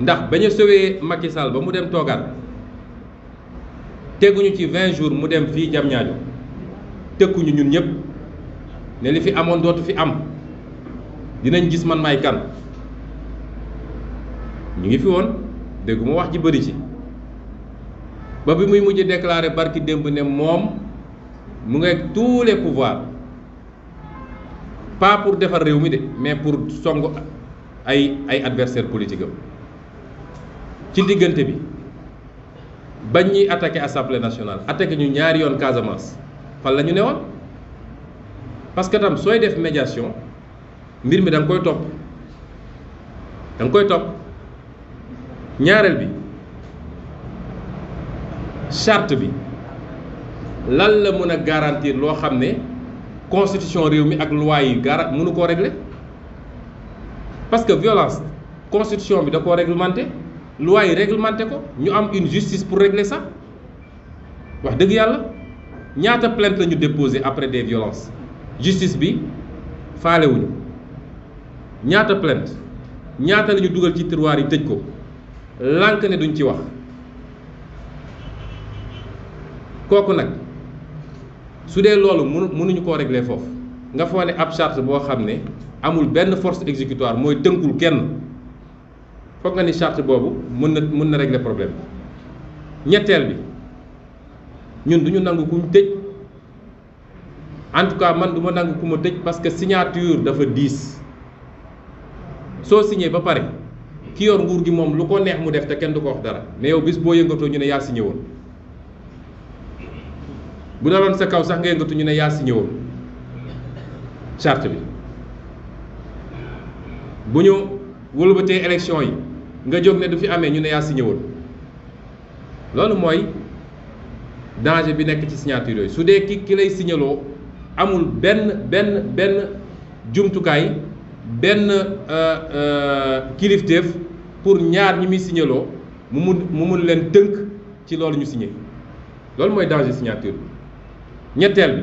ndax bañ a sowee Macky Sall ba mu dem toogaat teguñu ci 20 jours mu dem fii Diamniadio tëkkuñu ñun ñëpp ne li fi amoon dootu fi am dinañ gis man may kan ñu ngi fi woon dégguma wax ji bëri ci. ba bi muy mujj déclaré barki démb ne moom mu ngi ak tous les pas pour defar réew mi de mais pour song ay ay adversaire politique am ci diggante bi bañ ñuy attaqué assemblée nationale attaqué ñu ñaari yoon Casamance fan la ñu ne woon parce que tam sooy def médiation mbir mi da koy topp da nga koy topp ñaareel bi. charte bi lan la mën a garantir loo xam ne constitution réew mi ak loi yi gara mënu koo régler parce que violence constitution bi da koo réglementé loi yi réglementé ko ñu am une justice pour régler ça wax dëgg yàlla ñaata plainte la ñu déposé après des violences justice bi faalewuñu ñaata plainte ñaata la ñu dugal ci tiroir yi tëj ko lànk ne duñ ci wax kooku nag su dee loolu mënu mënuñu koo régler foofu nga foo ne ab charte boo xam ne amul benn force exécutoire mooy tënkul kenn foog nga ni charte boobu mën na mën na régler problème ñetteel bi ñun duñu ñu nangu ku tëj en tout cas man du ma nangu ku ma tëj parce que signature dafa diis soo signé ba pare ki yor nguur gi moom lu ko neex mu def te kenn du ko wax dara mais yow bis boo yëngatoo ñu ne yaa signé woon. bu daloon sa kaw sax nga yëngatu ñu ne yaa signé woon charte bi bu ñu wëlbatee élection yi nga jóg ne du fi amee ñu ne yaa signé woon loolu mooy danger bi nekk ci signature yooyu su dee ki ki lay signaloo amul benn benn benn jumtukaay benn euh, euh, kilifteef pour ñaar ñi muy signaloo mu mun mu mun leen tënk ci loolu ñu signé loolu mooy danger signature ñetteel bi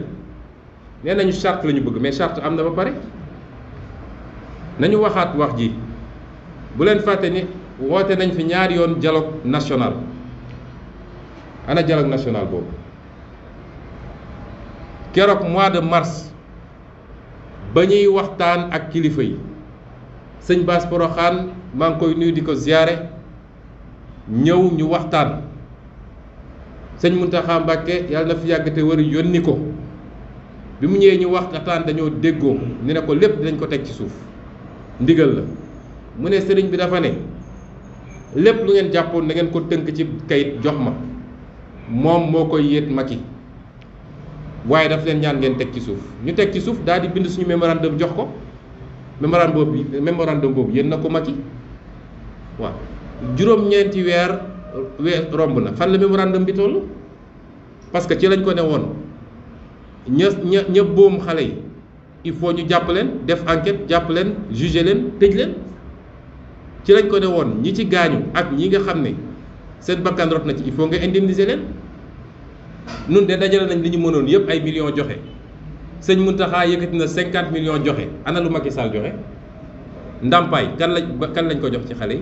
nee nañu charte la ñu bëgg mais charte am ba pare nañu waxaat wax ji bu leen fàtte ni woote nañ fi ñaari yoon dialogue national ana dialogue national boobu keroog mois de mars ba ñuy waxtaan ak kilifa yi sëñ Bass Poroxaan maa koy nuyu di ko ziyaare ñëw ñu waxtaan sëñ Muntaxa Mbàkke yàlla na fi yàgg te wër yónni ko bi mu ñëwee ñu wax waxtaan dañoo déggoo ni ne ko lépp dinañ ko teg ci suuf ndigal la mu ne sëriñ bi dafa ne lépp lu ngeen jàppoon na ngeen ko tënk ci kayit jox ma moom moo koy yéet Macky waaye daf leen ñaan ngeen teg ci suuf ñu teg ci suuf daal di bind suñu mémorandum jox ko mémorandum boobu mémorandum boobu yéen na ko Macky waaw juróom-ñeenti weer weer romb na fan la mémorandum bi toll parce que ci lañ ko ne woon ña ña ña boom xale yi il faut ñu jàpp leen def enquête jàpp leen juger leen tëj leen ci lañ ko ne woon ñi ci gaañu ak ñi nga xam ne seen bakkan rot na ci il faut nga indemniser leen nun de dajale nañ li ñu mënoon yëpp ay millions joxe sëñ Muntaxa yëkkati na cinquante million joxe ana lu Macky joxe ndàmpaay kan lañ kan lañ ko jox ci xale yi.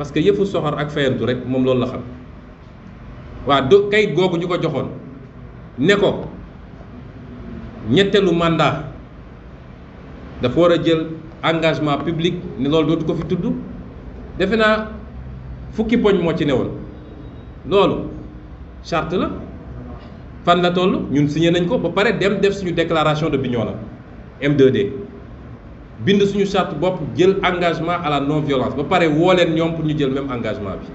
parce que yëfu soxor ak fayantu rek moom loolu la xam waa do kayit googu ñu ko joxoon ne ko ñetteelu mandat dafa war a jël engagement public ne loolu dootu ko fi tudd defe naa fukki poñ moo ci ne woon loolu chart la fan la toll ñun signé nañ ko ba pare dem def suñu déclaration de Bignona M2D bind suñu charte bop jël engagement à la non violence ba paré woo leen ñoom pour ñu jël même engagement bi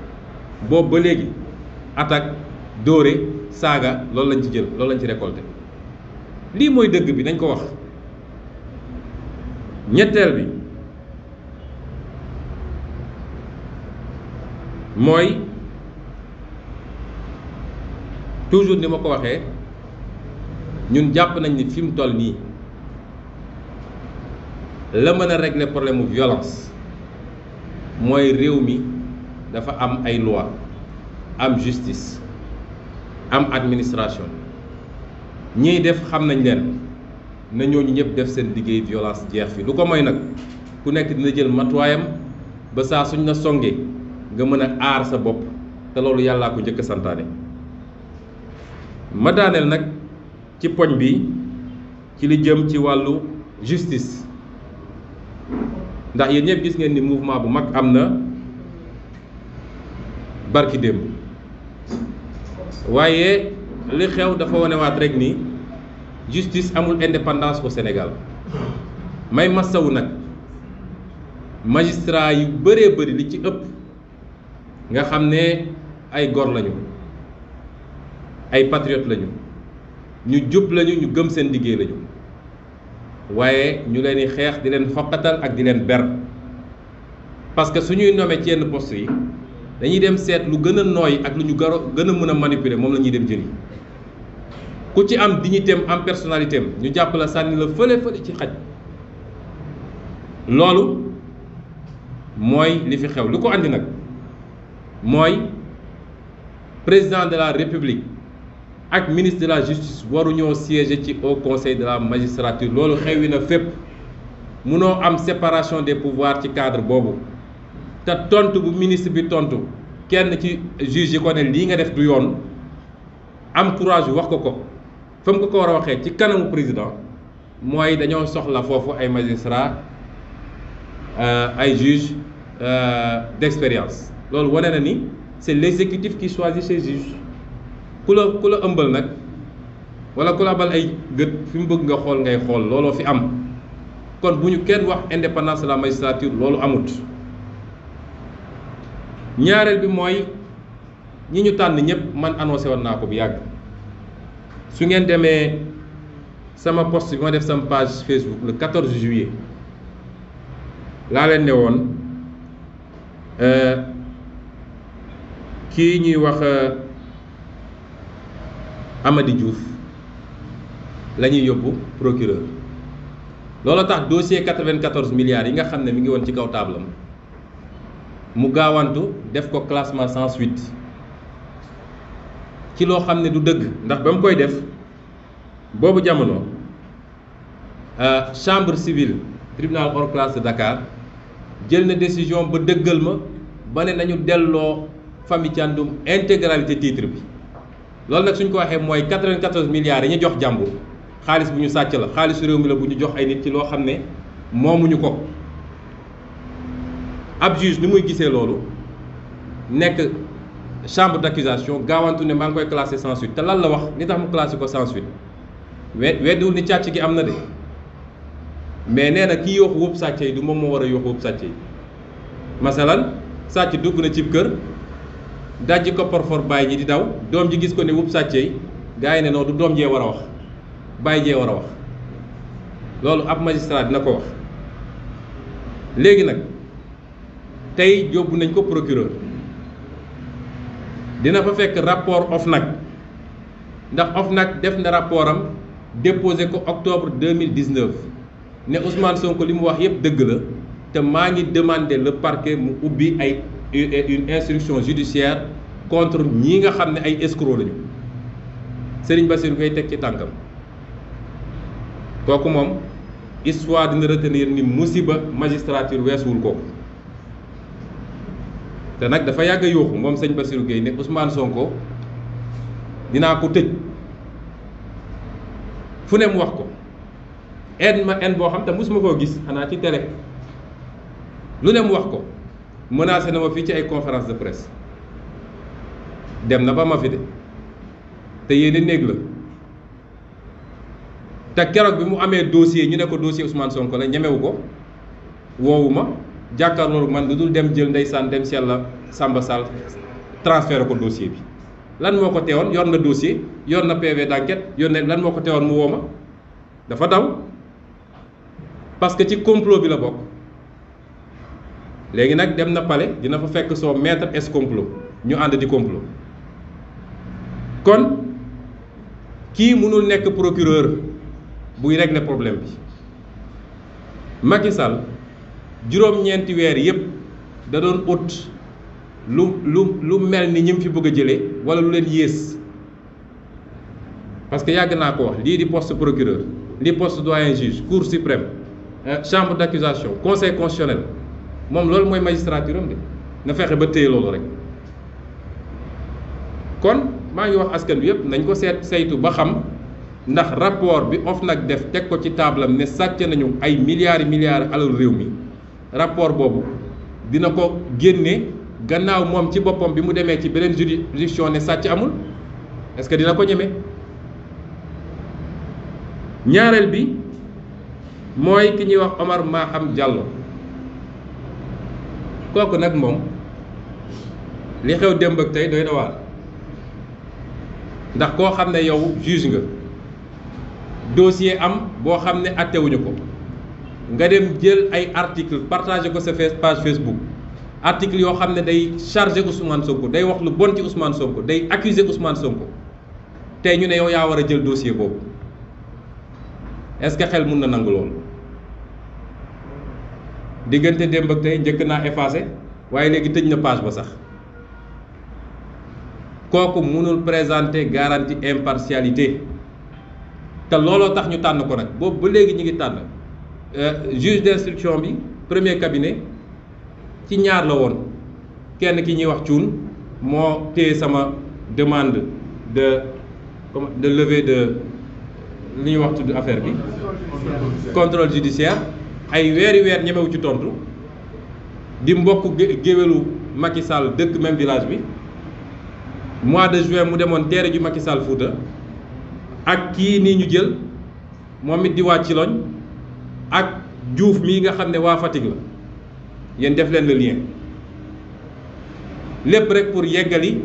bop ba légui attaque doré saga loolu lañ ci jël loolu lañ ci récolté li moy dëgg bi nañ ko wax ñettel bi moy toujours ni ma ko waxé ñun japp nañ ni fi toll ni la qui de régler problème de violence moy dafa am ay loi am justice am administration ñiy def xam nañ faire na ñoo violence jeex fi luko moy nak ku nekk dina jël matwayam ba sa suñ la nga mëna ar sa bop té ko ci bi ci justice ndax yéen ñëpp gis ngeen ni mouvement bu mag am na barki démb waaye li xew dafa wanewaat rek ni justice amul indépendance au senegal may masawu nag magistra yu bëree bëri li ci ëpp nga xam ne ay gor lañu ay patriote lañu ñu jub lañu ñu gëm seen liggéey lañu waaye ñu leen di xeex di leen xoqatal ak di leen ber parce que su ñuy nommé ci yenn poste yi dañuy dem seet lu gën a nooy ak lu ñu garo gën a mën a manipuler moom la ñuy dem jëli ku ci am dignité am am personnalité am ñu jàpp la sànni la fële fële ci xaj loolu mooy li fi xew lu ko andi nag mooy président de la république ak ministre de la justice waruñoo siéger ci au conseil de la magistrature loolu xewwi fait nous avons am séparation des pouvoirs ci cadre boobu te tontu bu ministre bi tontu kenn ci juge yi ko ne lii nga def du yoon am courage wax ko ko Nous avons ko ko war ci kanamu président mooy dañoo soxla foofu ay magistrats euh, ay juges euh, d'expérience loolu wane na ni c'est l'exécutif qui choisit ses juges ku la ku la ëmbal nag wala ku la abal ay gët fi mu bëgg nga xool ngay xool looloo fi am kon bu ñu kenn wax indépendance de la magistrature loolu amut ñaareel bi mooy ñi ñu tànn ñëpp man annoncé woon naa ko bu yàgg su ngeen demee sama post bi ma def sama page Facebook le 14 juillet laa leen ne woon euh, kii ñuy wax. Euh, amadi Diouf la ñuy yóbbu procureur loola tax dossier 94 milliards yi nga xam mi ngi woon ci kaw taabalam mu gaawantu def ko classement sans suite ci loo xam ne du dëgg ndax ba mu koy def jamono euh, chambre civile tribunal hors classe Dakar jël na décision ba dëggal ma ba ne nañu delloo famille Thiandoum intégralité titre bi loolu nag suñ ko waxee mooy 94 milliards yi ñu jox jàmbur xaalis bu ñu sàcc la xaalisu réew mi la bu ñu jox ay nit ci loo xam ne moomuñu ko ab juge ni muy gisee loolu nekk chambre d'accusation gaawantu ne maa ngi koy classé sans suite te lan la wax li tax mu classé ko sans suite we weddiwul ni càcc gi am na de mais nee na kii yooxu wëpp sàcce yi du moom moo war a yooxu wëpp sàcce yi masalan sàcc dugg na cib kër dajji kopparfor bàyyi ji di daw doom ji gis ko ne wub sàccee gars ne noonu doom jee war a wax bàyyi jee war a wax loolu ab magistrat dina ko wax léegi nag tey yóbbu nañ ko procureur dina fa fekk rapport OFNAC ndax OFNAC def na rapport am déposé ko octobre 2019 ne Ousmane Sonko li mu wax yépp dëgg la te maa ngi demandé le parquet mu ubbi ay une instruction judiciaire contre ñi nga xamné ay escrocs lañu Serigne Bassirou koy tek ci tankam kooku mom histoire dina retenir ni musiba magistrature wessul kooku té nak dafa yàgg a yuuxu moom sëñ Bassirou Gueye ne Ousmane Sonko dina ko tëj fu ne mu wax ko en ma en bo xam te musuma ko gis xanaa ci télé lu ne mu wax ko menacé na ma fi ci ay conférence de presse dem na ba ma fi de te néeg la te bi mu dossier ñu ne dossier Ousmane Sonko la ñemewu ko woowu ma man lu dem jël Je dem Samba Sall transféré ko dossier bi lan moo ko yor na dossier yor na PV d'enquête yor na lan moo ko teewoon mu woo ma dafa daw parce que ci complot bi la bokk léegi nag dem na pale dina fa fekk soo maître es complot ñu ànd di complot kon kii mënul nekk procureur buy régler problème bi Macky Sall juróom-ñeenti weer yépp da doon ut lu lu lu mel ni ñim fi bëgg a jëlee wala lu leen yées parce que yàgg naa ko wax lii di poste procureur lii poste doyen juge cour suprême chambre d'accusation conseil constitutionnel moom loolu mooy magistrature am de na fexe ba téye loolu rek kon maa ngi wax askan bi yëpp nañ ko seet saytu ba xam ndax rapport bi nag def teg ko ci taabalam ne sàcc nañu ay milliards yi milliards alalu réew mi rapport boobu dina ko génne gannaaw moom ci boppam bi mu demee ci beneen judi juridiction ne sàcc amul est que dina ko ñeme ñaareel bi mooy ki ñuy wax Omar Maham Diallo kooku nag moom li xew démb ak tey doy na waar ndax koo xam ne yow juge nga dossier am boo xam ne attewuñu ko nga dem jël ay article partagé ko sa page Facebook article yoo xam ne day chargé Ousmane Sonko day wax lu bon ci Ousmane Sonko day accusé Ousmane Sonko tey ñu ne yow yaa war a jël dossier boobu est-ce que xel mun na nangu loolu diggante démb ak tey njëkk naa effacé waaye léegi tëj na page ba sax kooku mënul présenter garantie impartialité te looloo tax ñu tànn ko nag boobu ba léegi ñu ngi tànn euh, juge d'instruction bi premier cabinet ci ñaar la woon kenn ki ñuy wax cuun moo téye sama demande de de levée de li ñuy wax tudd affaire bi contrôle judiciaire ay weeri weer ñemewu ci tontu di mbokk géwélu Macky Sall dëkk même village bi mois de juin mu demoon teere ju Macky Sall Fouta ak kii nii ñu jël moom it di waa Ciloñ ak juuf mii nga xam ne waa Fatick la yéen def leen le lien lépp rek pour yeggali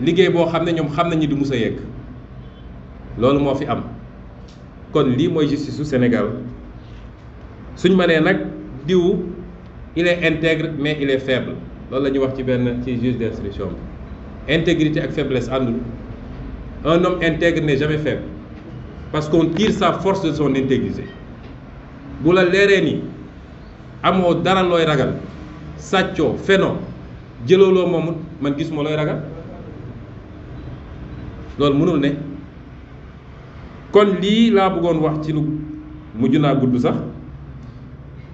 liggéey boo xam ne ñoom xam nañu di mus yegg loolu moo fi am kon lii mooy justice su Sénégal suñ ma nee nag diw il est intègre mais il est faible loolu la ñuy wax ci benn ci juge d'instruction intégrité ak faiblesse nous. un homme intègre n'est jamais faible parce qu'on tire sa force de son intégrité bu la leeree ni amoo dara loy ragal sàccoo fenoo jëlooloo moomut man mo loy ragal loolu mënul ne kon li la bëggoon wax ci lu mujj naa gudd sax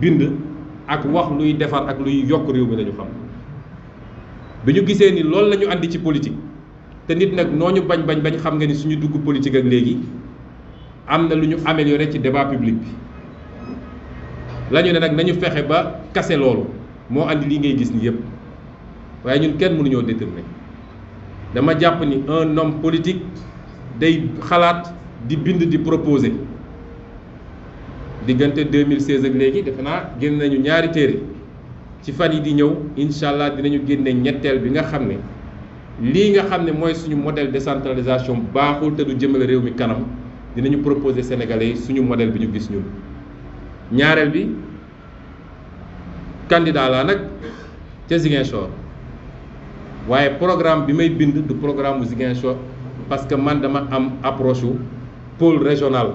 bind ak wax luy defar ak luy yokk réew mi lañu xam bi ñu gisee ni loolu lañu ñu àndi ci politique te nit nag noo ñu bañ bañ bañ xam nga ni suñu dugg politique ak léegi am na lu ñu amélioré ci débat public bi la ñu ne nag nañu fexe ba kase loolu moo andi lii ngay gis ni yépp waaye ñun kenn mënuñoo détourné dama jàpp ni un homme politique day xalaat di bind di proposer diggante 2016 ak léegi defe naa génn nañu ñaari téere ci fan yi di ñëw incha allah dinañu génne ñetteel bi nga xam ne lii nga xam ne mooy suñu modèle décentralisation baaxul te du jëmale réew mi kanam dinañu proposer sénégalais suñu modèle bi ñu gis ñun. ñaareel bi candidat nag ca Ziguinchor waaye programme bi may bind du programme mu Ziguinchor parce que man dama am approche wu pôle régional.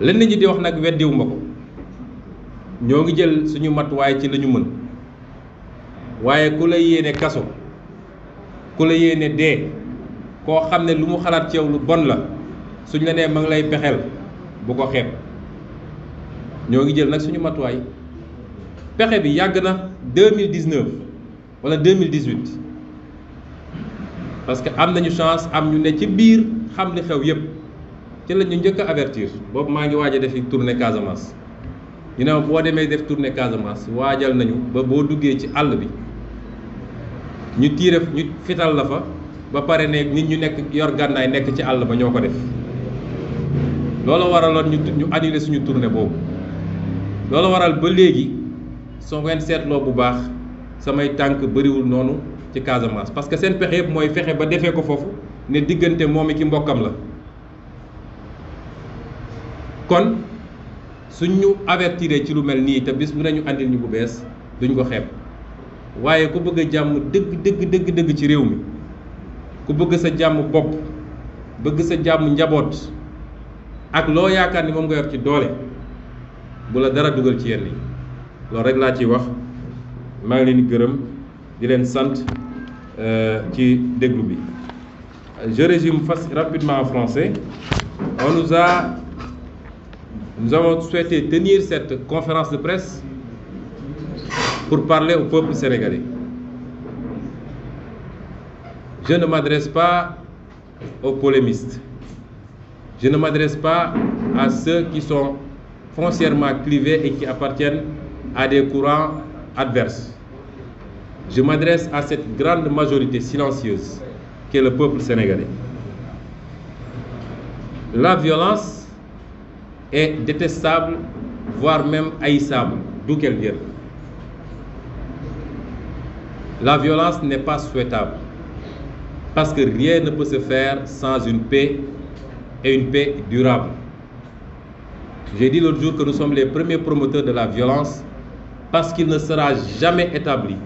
lenn ñi di wax nag weddiwuma ko ñoo ngi jël suñu matuwaay ci lañu mën waaye ku la yéene kaso ku la yéene dee koo xam ne lu mu xalaat ci yow lu bon la suñ la nee ma ngi lay pexee bu ko xeeb ñoo ngi jël nag suñu matuwaay pexe bi yàgg na 2019 wala 2018 parce que am nañu chance am ñu ne ci biir xam li xew yépp ci la ñu njëkk a avertir boobu maa ngi waaj a defi Casamance ñu ne boo demee def tourné Casamance waajal nañu ba boo duggee ci àll bi ñu tiire ñu fital la fa ba pare ne nit ñu nekk yor gànnaay nekk ci ba def waraloon ñu ñu annulé suñu waral ba bu baax samay ci parce que seen pexe yëpp mooy fexe ba defee ko ne diggante moom kon suñ ñu avertiré ci lu mel nii te bis bu nañu andil ñu bu bees duñ ko xeeb waaye ku bëgg jàmm dëgg dëgg dëgg dëgg ci réew mi ku bëgg sa jàmm bopp bëgg sa jàmm njaboot ak loo yaakaar ni moom nga yor ci doole bu la dara dugal ci yenn yi loolu rek laa ciy wax maa ngi leen gërëm di leen sant euh, ci déglu bi je résume fas rapidement en français on nous a Nous avons souhaité tenir cette conférence de presse pour parler au peuple sénégalais. Je ne m'adresse pas aux polémistes. Je ne m'adresse pas à ceux qui sont foncièrement clivés et qui appartiennent à des courants adverses. Je m'adresse à cette grande majorité silencieuse qu'est le peuple sénégalais. La violence est détestable, voire même haïssable, d'où qu'elle vienne. La violence n'est pas souhaitable, parce que rien ne peut se faire sans une paix, et une paix durable. J'ai dit l'autre jour que nous sommes les premiers promoteurs de la violence, parce qu'il ne sera jamais établi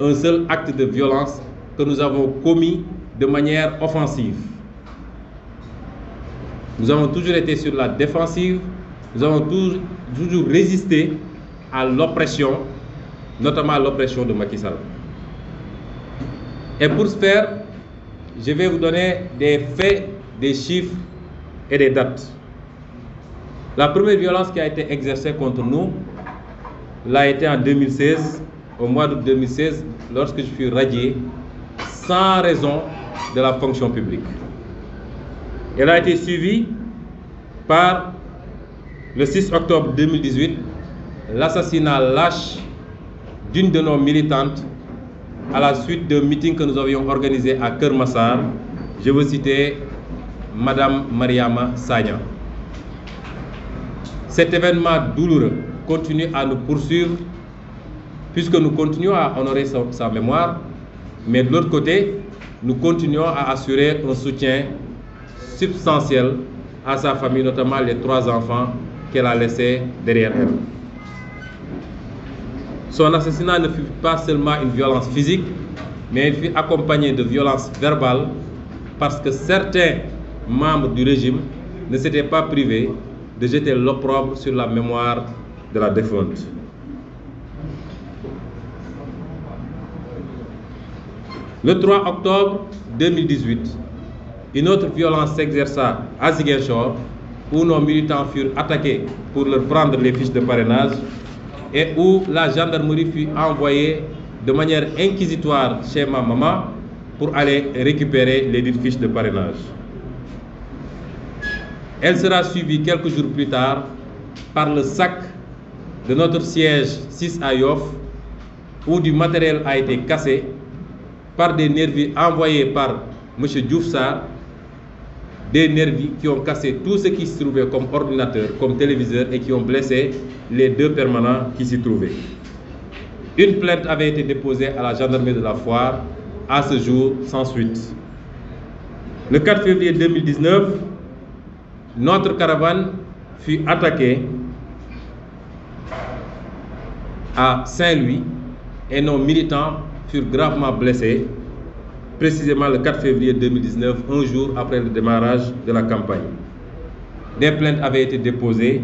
un seul acte de violence que nous avons commis de manière offensive nous avons toujours été sur la défensive, nous avons toujours, résisté à l'oppression, notamment à l'oppression de Macky Sall. Et pour ce faire, je vais vous donner des faits, des chiffres et des dates. La première violence qui a été exercée contre nous l'a été en 2016, au mois de 2016, lorsque je fus radié sans raison de la fonction publique. Elle a été suivie par le 6 octobre 2018, l'assassinat lâche d'une de nos militantes à la suite d'un meeting que nous avions organisé à Kermassar. Je veux citer Madame Mariama Sagna. Cet événement douloureux continue à nous poursuivre puisque nous continuons à honorer sa mémoire, mais de l'autre côté, nous continuons à assurer un soutien substantiel à sa famille, notamment les trois enfants qu'elle a laissés derrière elle. Son assassinat ne fut pas seulement une violence physique, mais il fut accompagné de violences verbales parce que certains membres du régime ne s'étaient pas privés de jeter l'opprobre sur la mémoire de la défunte. Le 3 octobre 2018, une autre violence s'exerça à Ziguinchor, où nos militants furent attaqués pour leur prendre les fiches de parrainage et où la gendarmerie fut envoyée de manière inquisitoire chez ma maman pour aller récupérer les dites fiches de parrainage. Elle sera suivie quelques jours plus tard par le sac de notre siège 6 à Yoff, où du matériel a été cassé par des nervis envoyés par M. Djoufsar des nervis qui ont cassé tout ce qui se trouvait comme ordinateur, comme téléviseur et qui ont blessé les deux permanents qui s'y trouvaient. Une plainte avait été déposée à la gendarmerie de la Foire, à ce jour sans suite. Le 4 février 2019, notre caravane fut attaquée à Saint-Louis et nos militants furent gravement blessés précisément le 4 février 2019, un jour après le démarrage de la campagne. Des plaintes avaient été déposées,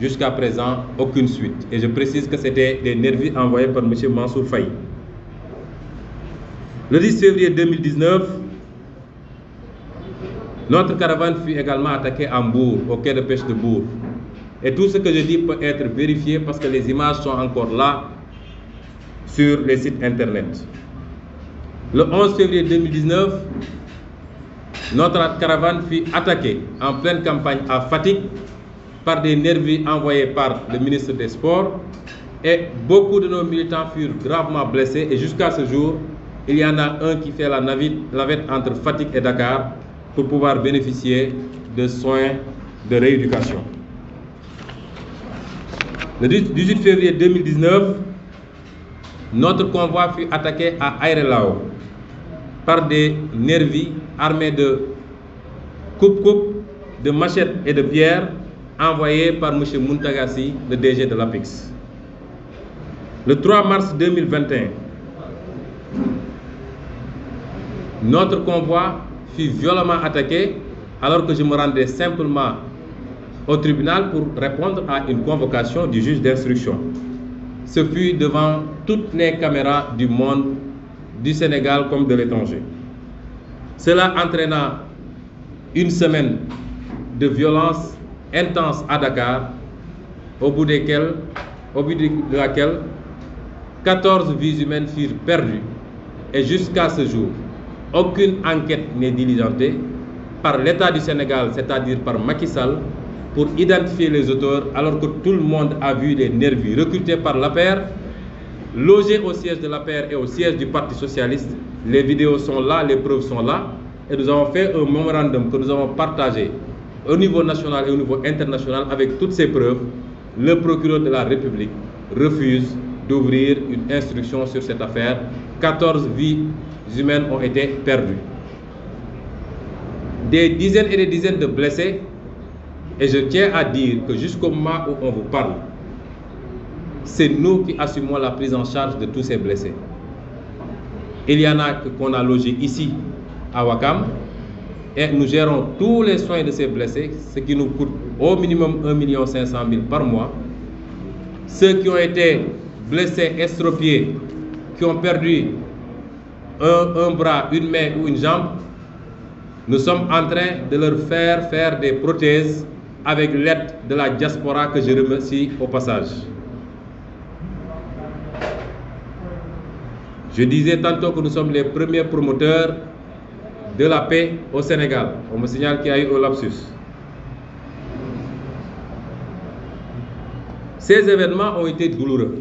jusqu'à présent, aucune suite. Et je précise que c'était des nervis envoyés par M. Mansour Faye. Le 10 février 2019, notre caravane fut également attaquée à Bourg, au quai de pêche de Bourg. Et tout ce que je dis peut être vérifié parce que les images sont encore là sur les sites internet. Le 11 février 2019, notre caravane fut attaquée en pleine campagne à Fatigue par des nervis envoyés par le ministre des Sports et beaucoup de nos militants furent gravement blessés et jusqu'à ce jour, il y en a un qui fait la navette entre Fatigue et Dakar pour pouvoir bénéficier de soins de rééducation. Le 18 février 2019, notre convoi fut attaqué à Airelao par des nervis armés de coupe-coupe, de machettes et de pierres envoyés par M. Muntagasi, le DG de l'APEX. Le 3 mars 2021, notre convoi fut violemment attaqué alors que je me rendais simplement au tribunal pour répondre à une convocation du juge d'instruction. Ce fut devant toutes les caméras du monde, du Sénégal comme de l'étranger. Cela entraîna une semaine de violence intense à Dakar, au bout, desquelles, au bout de laquelle 14 vies humaines furent perdues et jusqu'à ce jour, aucune enquête n'est diligentée par l'État du Sénégal, c'est-à-dire par Macky Sall, pour identifier les auteurs alors que tout le monde a vu les nervis recrutés par l'affaire logé au siège de la paire et au siège du Parti Socialiste. Les vidéos sont là, les preuves sont là. Et nous avons fait un memorandum que nous avons partagé au niveau national et au niveau international avec toutes ces preuves. Le procureur de la République refuse d'ouvrir une instruction sur cette affaire. 14 vies humaines ont été perdues. Des dizaines et des dizaines de blessés. Et je tiens à dire que jusqu'au moment où on vous parle, c'est nous qui assumons la prise en charge de tous ces blessés. Il y en a qu'on a logé ici, à Wakam, et nous gérons tous les soins de ces blessés, ce qui nous coûte au minimum 1 500 000 par mois. Ceux qui ont été blessés, estropiés, qui ont perdu un bras, une main ou une jambe, nous sommes en train de leur faire faire des prothèses avec l'aide de la diaspora que je remercie au passage. Je disais tantôt que nous sommes les premiers promoteurs de la paix au Sénégal. On me signale qu'il y a eu un lapsus. Ces événements ont été douloureux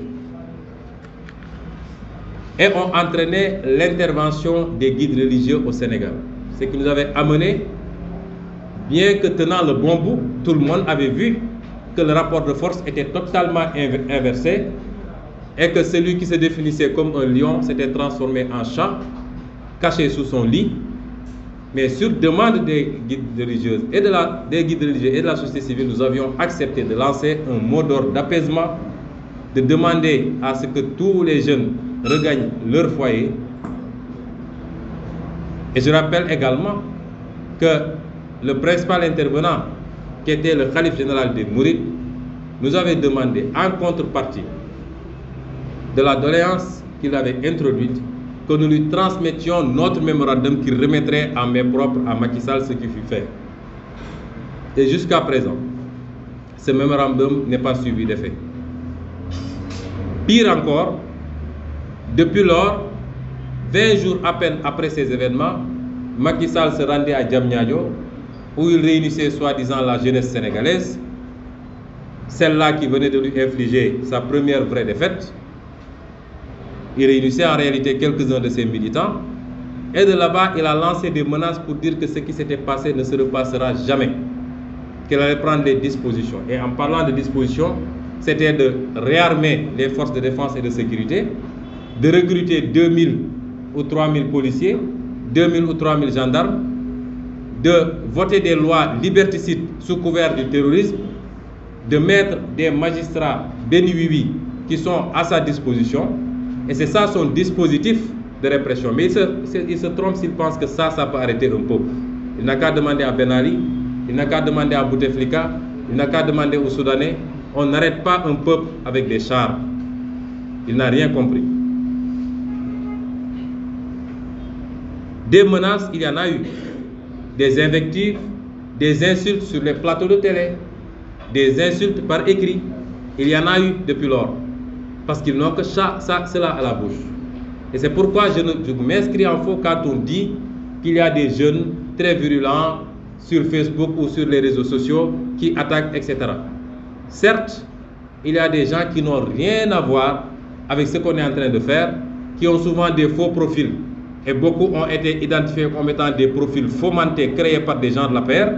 et ont entraîné l'intervention des guides religieux au Sénégal. Ce qui nous avait amené, bien que tenant le bon bout, tout le monde avait vu que le rapport de force était totalement inversé et que celui qui se définissait comme un lion s'était transformé en chat, caché sous son lit, mais sur demande des guides religieux et de la, des guides religieux et de la société civile, nous avions accepté de lancer un mot d'ordre d'apaisement, de demander à ce que tous les jeunes regagnent leur foyer. Et je rappelle également que le principal intervenant, qui était le calife général des Mourides, nous avait demandé en contrepartie de la doléance qu'il avait introduite, que nous lui transmettions notre mémorandum qui remettrait en main propre à Macky Sall ce qui fut fait. Et jusqu'à présent, ce mémorandum n'est pas suivi d'effet. Pire encore, depuis lors, 20 jours à peine après ces événements, Macky Sall se rendait à Djamnyadjo où il réunissait soi-disant la jeunesse sénégalaise, celle-là qui venait de lui infliger sa première vraie défaite, il réunissait en réalité quelques-uns de ses militants. Et de là-bas, il a lancé des menaces pour dire que ce qui s'était passé ne se repassera jamais. Qu'il allait prendre des dispositions. Et en parlant de dispositions, c'était de réarmer les forces de défense et de sécurité, de recruter 2000 ou 3000 policiers, 2000 ou 3000 gendarmes, de voter des lois liberticides sous couvert du terrorisme, de mettre des magistrats béni qui sont à sa disposition, et c'est ça son dispositif de répression. Mais il se, trompe s'il pense que ça, ça peut arrêter un peuple. Il n'a qu'à demander à Ben Ali, il n'a qu'à demander à Bouteflika, il n'a qu'à demander aux Soudanais. On n'arrête pas un peuple avec des chars. Il n'a rien compris. Des menaces, il y en a eu. Des invectives, des insultes sur les plateaux de télé, des insultes par écrit. Il y en a eu depuis lors parce qu'ils n'ont que ça, ça, cela à la bouche. Et c'est pourquoi je, m'inscris en faux quand on dit qu'il y a des jeunes très virulents sur Facebook ou sur les réseaux sociaux qui attaquent, etc. Certes, il y a des gens qui n'ont rien à voir avec ce qu'on est en train de faire, qui ont souvent des faux profils. Et beaucoup ont été identifiés comme étant des profils fomentés, créés par des gens de la paire,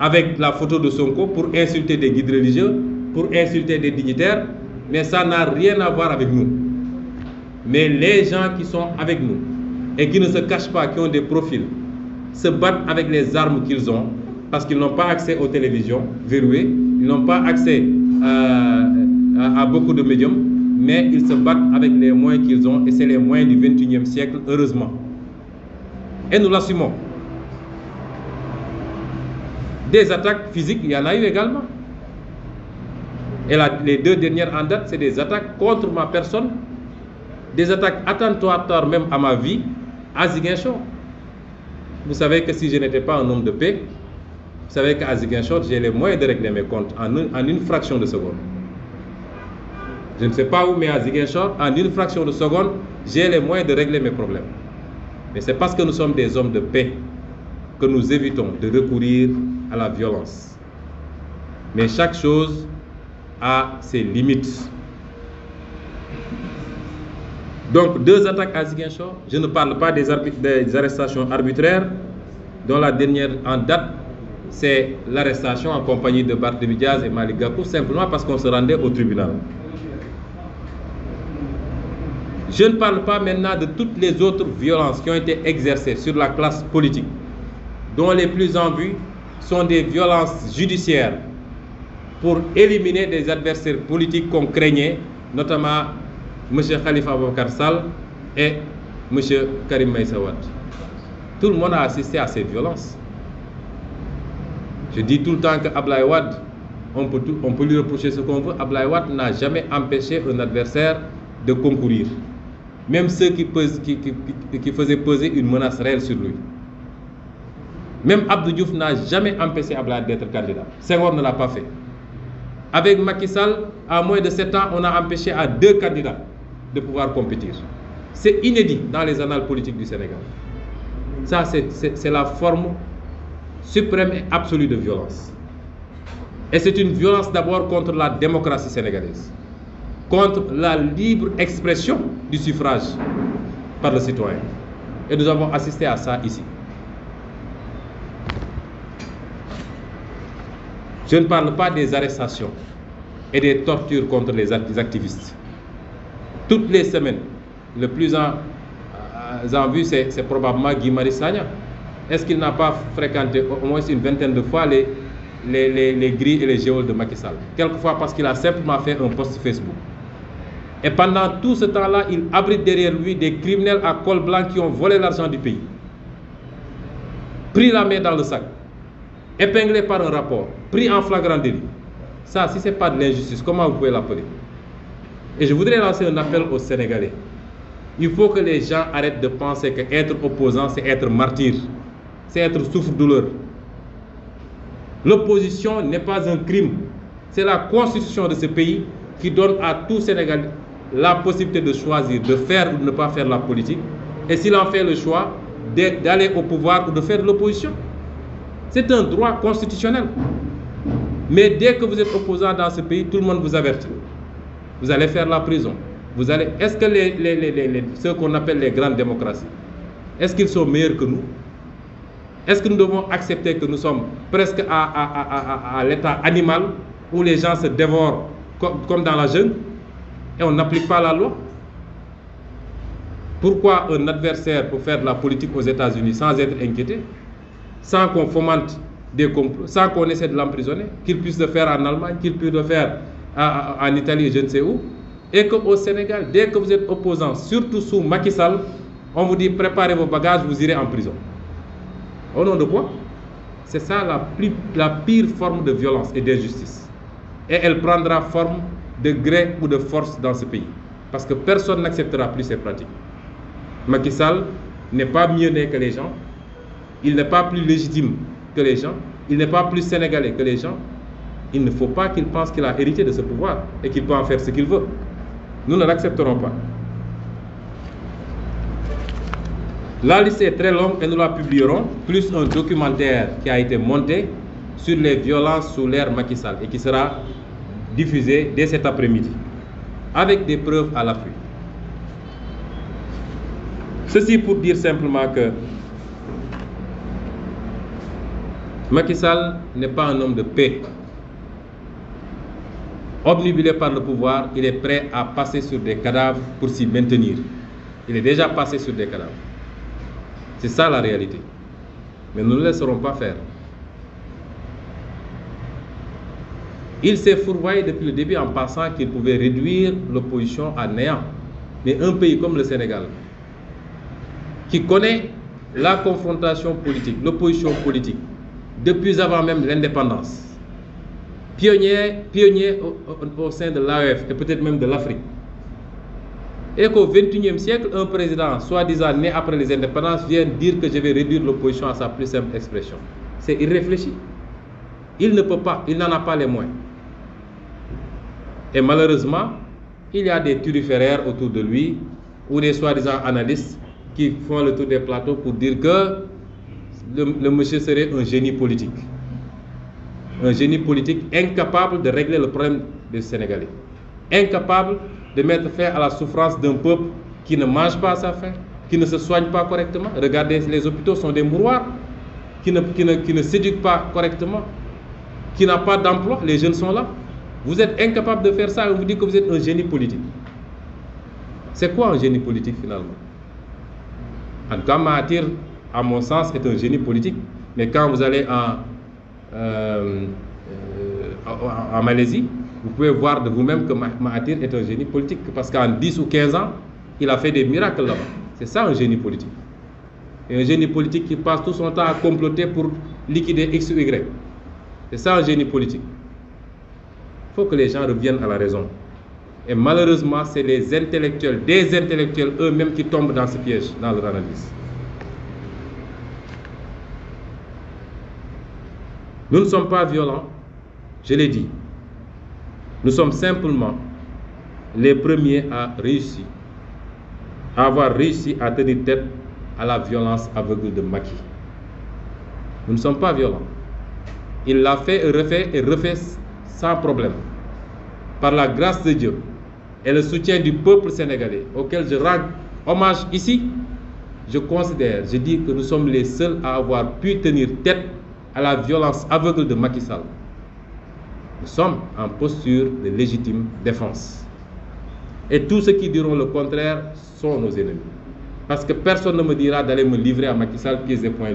avec la photo de Sonko pour insulter des guides religieux, pour insulter des dignitaires, mais ça n'a rien à voir avec nous. Mais les gens qui sont avec nous et qui ne se cachent pas, qui ont des profils, se battent avec les armes qu'ils ont parce qu'ils n'ont pas accès aux télévisions verrouées, ils n'ont pas accès euh, à, à beaucoup de médiums, mais ils se battent avec les moyens qu'ils ont et c'est les moyens du 21e siècle, heureusement. Et nous l'assumons. Des attaques physiques, il y en a eu également. Et les deux dernières en date, c'est des attaques contre ma personne, des attaques attentatoires même à ma vie, à Ziguinchor. Vous savez que si je n'étais pas un homme de paix, vous savez qu'à Ziguinchor, j'ai les moyens de régler mes comptes en une, en une, fraction de seconde. Je ne sais pas où, mais à Ziguinchor, en une fraction de seconde, j'ai les moyens de régler mes problèmes. Mais c'est parce que nous sommes des hommes de paix que nous évitons de recourir à la violence. Mais chaque chose à ses limites. Donc, deux attaques à Ziguinchor. Je ne parle pas des, des arrestations arbitraires, dont la dernière en date, c'est l'arrestation en compagnie de Barthélémy Diaz et Malik Gakou, simplement parce qu'on se rendait au tribunal. Je ne parle pas maintenant de toutes les autres violences qui ont été exercées sur la classe politique, dont les plus en vue sont des violences judiciaires pour éliminer des adversaires politiques qu'on craignait, notamment M. Khalifa Abubakar et M. Karim Maïsawad. Tout le monde a assisté à ces violences. Je dis tout le temps que on peut, on peut lui reprocher ce qu'on veut. Ablaïwad n'a jamais empêché un adversaire de concourir. Même ceux qui, faisaient peser une menace réelle sur lui. Même Abdou Diouf n'a jamais empêché Ablaïwad d'être candidat. Senghor ne l'a pas fait. Avec Macky Sall, à moins de 7 ans, on a empêché à deux candidats de pouvoir compétir. C'est inédit dans les annales politiques du Sénégal. Ça, c'est la forme suprême et absolue de violence. Et c'est une violence d'abord contre la démocratie sénégalaise, contre la libre expression du suffrage par le citoyen. Et nous avons assisté à ça ici. Je ne parle pas des arrestations et des tortures contre les activistes. Toutes les semaines, le plus en, euh, vue, c'est probablement Guy Marissagna. Est-ce qu'il n'a pas fréquenté au moins une vingtaine de fois les, les, les, grilles et les géoles de Macky Sall Quelquefois parce qu'il a simplement fait un post Facebook. Et pendant tout ce temps-là, il abrite derrière lui des criminels à col blanc qui ont volé l'argent du pays, pris la main dans le sac, épinglé par un rapport, pris en flagrant délit. Ça, si ce n'est pas de l'injustice, comment vous pouvez l'appeler Et je voudrais lancer un appel aux Sénégalais. Il faut que les gens arrêtent de penser que opposant, c'est être martyr, c'est être souffre-douleur. L'opposition n'est pas un crime. C'est la constitution de ce pays qui donne à tout Sénégalais la possibilité de choisir de faire ou de ne pas faire la politique. Et s'il en fait le choix, d'aller au pouvoir ou de faire de l'opposition. C'est un droit constitutionnel. Mais dès que vous êtes opposant dans ce pays, tout le monde vous avertit. Vous allez faire la prison. Vous allez. Est-ce que ce qu'on appelle les grandes démocraties, est-ce qu'ils sont meilleurs que nous Est-ce que nous devons accepter que nous sommes presque à, l'état animal où les gens se dévorent comme, dans la jungle et on n'applique pas la loi Pourquoi un adversaire peut faire de la politique aux États-Unis sans être inquiété sans qu'on fomente des complots, sans qu'on essaie de l'emprisonner, qu'il puisse le faire en Allemagne, qu'il puisse le faire en Italie, je ne sais où. Et qu'au Sénégal, dès que vous êtes opposant, surtout sous Macky Sall, on vous dit préparez vos bagages, vous irez en prison. Au nom de quoi C'est ça la, plus, la pire forme de violence et d'injustice. Et elle prendra forme de gré ou de force dans ce pays. Parce que personne n'acceptera plus ces pratiques. Macky Sall n'est pas mieux né que les gens, il n'est pas plus légitime que les gens, il n'est pas plus sénégalais que les gens, il ne faut pas qu'il pense qu'il a hérité de ce pouvoir et qu'il peut en faire ce qu'il veut. Nous ne l'accepterons pas. La liste est très longue et nous la publierons, plus un documentaire qui a été monté sur les violences sous l'ère Macky Sall et qui sera diffusé dès cet après-midi, avec des preuves à l'appui. Ceci pour dire simplement que Macky Sall n'est pas un homme de paix. Obnubilé par le pouvoir, il est prêt à passer sur des cadavres pour s'y maintenir. Il est déjà passé sur des cadavres. C'est ça la réalité. Mais nous ne le laisserons pas faire. Il s'est fourvoyé depuis le début en pensant qu'il pouvait réduire l'opposition à néant. Mais un pays comme le Sénégal, qui connaît la confrontation politique, l'opposition politique, depuis avant même l'indépendance. Pionnier, pionnier au, sein de l'AEF et peut-être même de l'Afrique. Et qu'au XXIe siècle, un président, soi-disant né après les indépendances, vienne dire que je vais réduire l'opposition à sa plus simple expression. C'est irréfléchi. Il ne peut pas, il n'en a pas les moyens. Et malheureusement, il y a des turiféraires autour de lui ou des soi-disant analystes qui font le tour des plateaux pour dire que le, monsieur serait un génie politique. Un génie politique incapable de régler le problème des Sénégalais. Incapable de mettre fin à la souffrance d'un peuple qui ne mange pas à sa faim, qui ne se soigne pas correctement. Regardez, les hôpitaux sont des mouroirs qui ne, qui ne, s'éduquent pas correctement, qui n'a pas d'emploi. Les jeunes sont là. Vous êtes incapable de faire ça on vous dit que vous êtes un génie politique. C'est quoi un génie politique finalement En tout cas, à mon sens, est un génie politique. Mais quand vous allez en, euh, euh, en, Malaisie, vous pouvez voir de vous-même que Mahathir est un génie politique. Parce qu'en 10 ou 15 ans, il a fait des miracles là-bas. C'est ça un génie politique. Et un génie politique qui passe tout son temps à comploter pour liquider X ou Y. C'est ça un génie politique. Il faut que les gens reviennent à la raison. Et malheureusement, c'est les intellectuels, des intellectuels eux-mêmes qui tombent dans ce piège, dans leur analyse. Nous ne sommes pas violents, je l'ai dit. Nous sommes simplement les premiers à réussir, à avoir réussi à tenir tête à la violence aveugle de Maki. Nous ne sommes pas violents. Il l'a fait et refait et refait sans problème. Par la grâce de Dieu et le soutien du peuple sénégalais, auquel je rends hommage ici, je considère, je dis que nous sommes les seuls à avoir pu tenir tête à la violence aveugle de Macky Sall. Nous sommes en posture de légitime défense. Et tous ceux qui diront le contraire sont nos ennemis. Parce que personne ne me dira d'aller me livrer à Macky Sall pieds et poings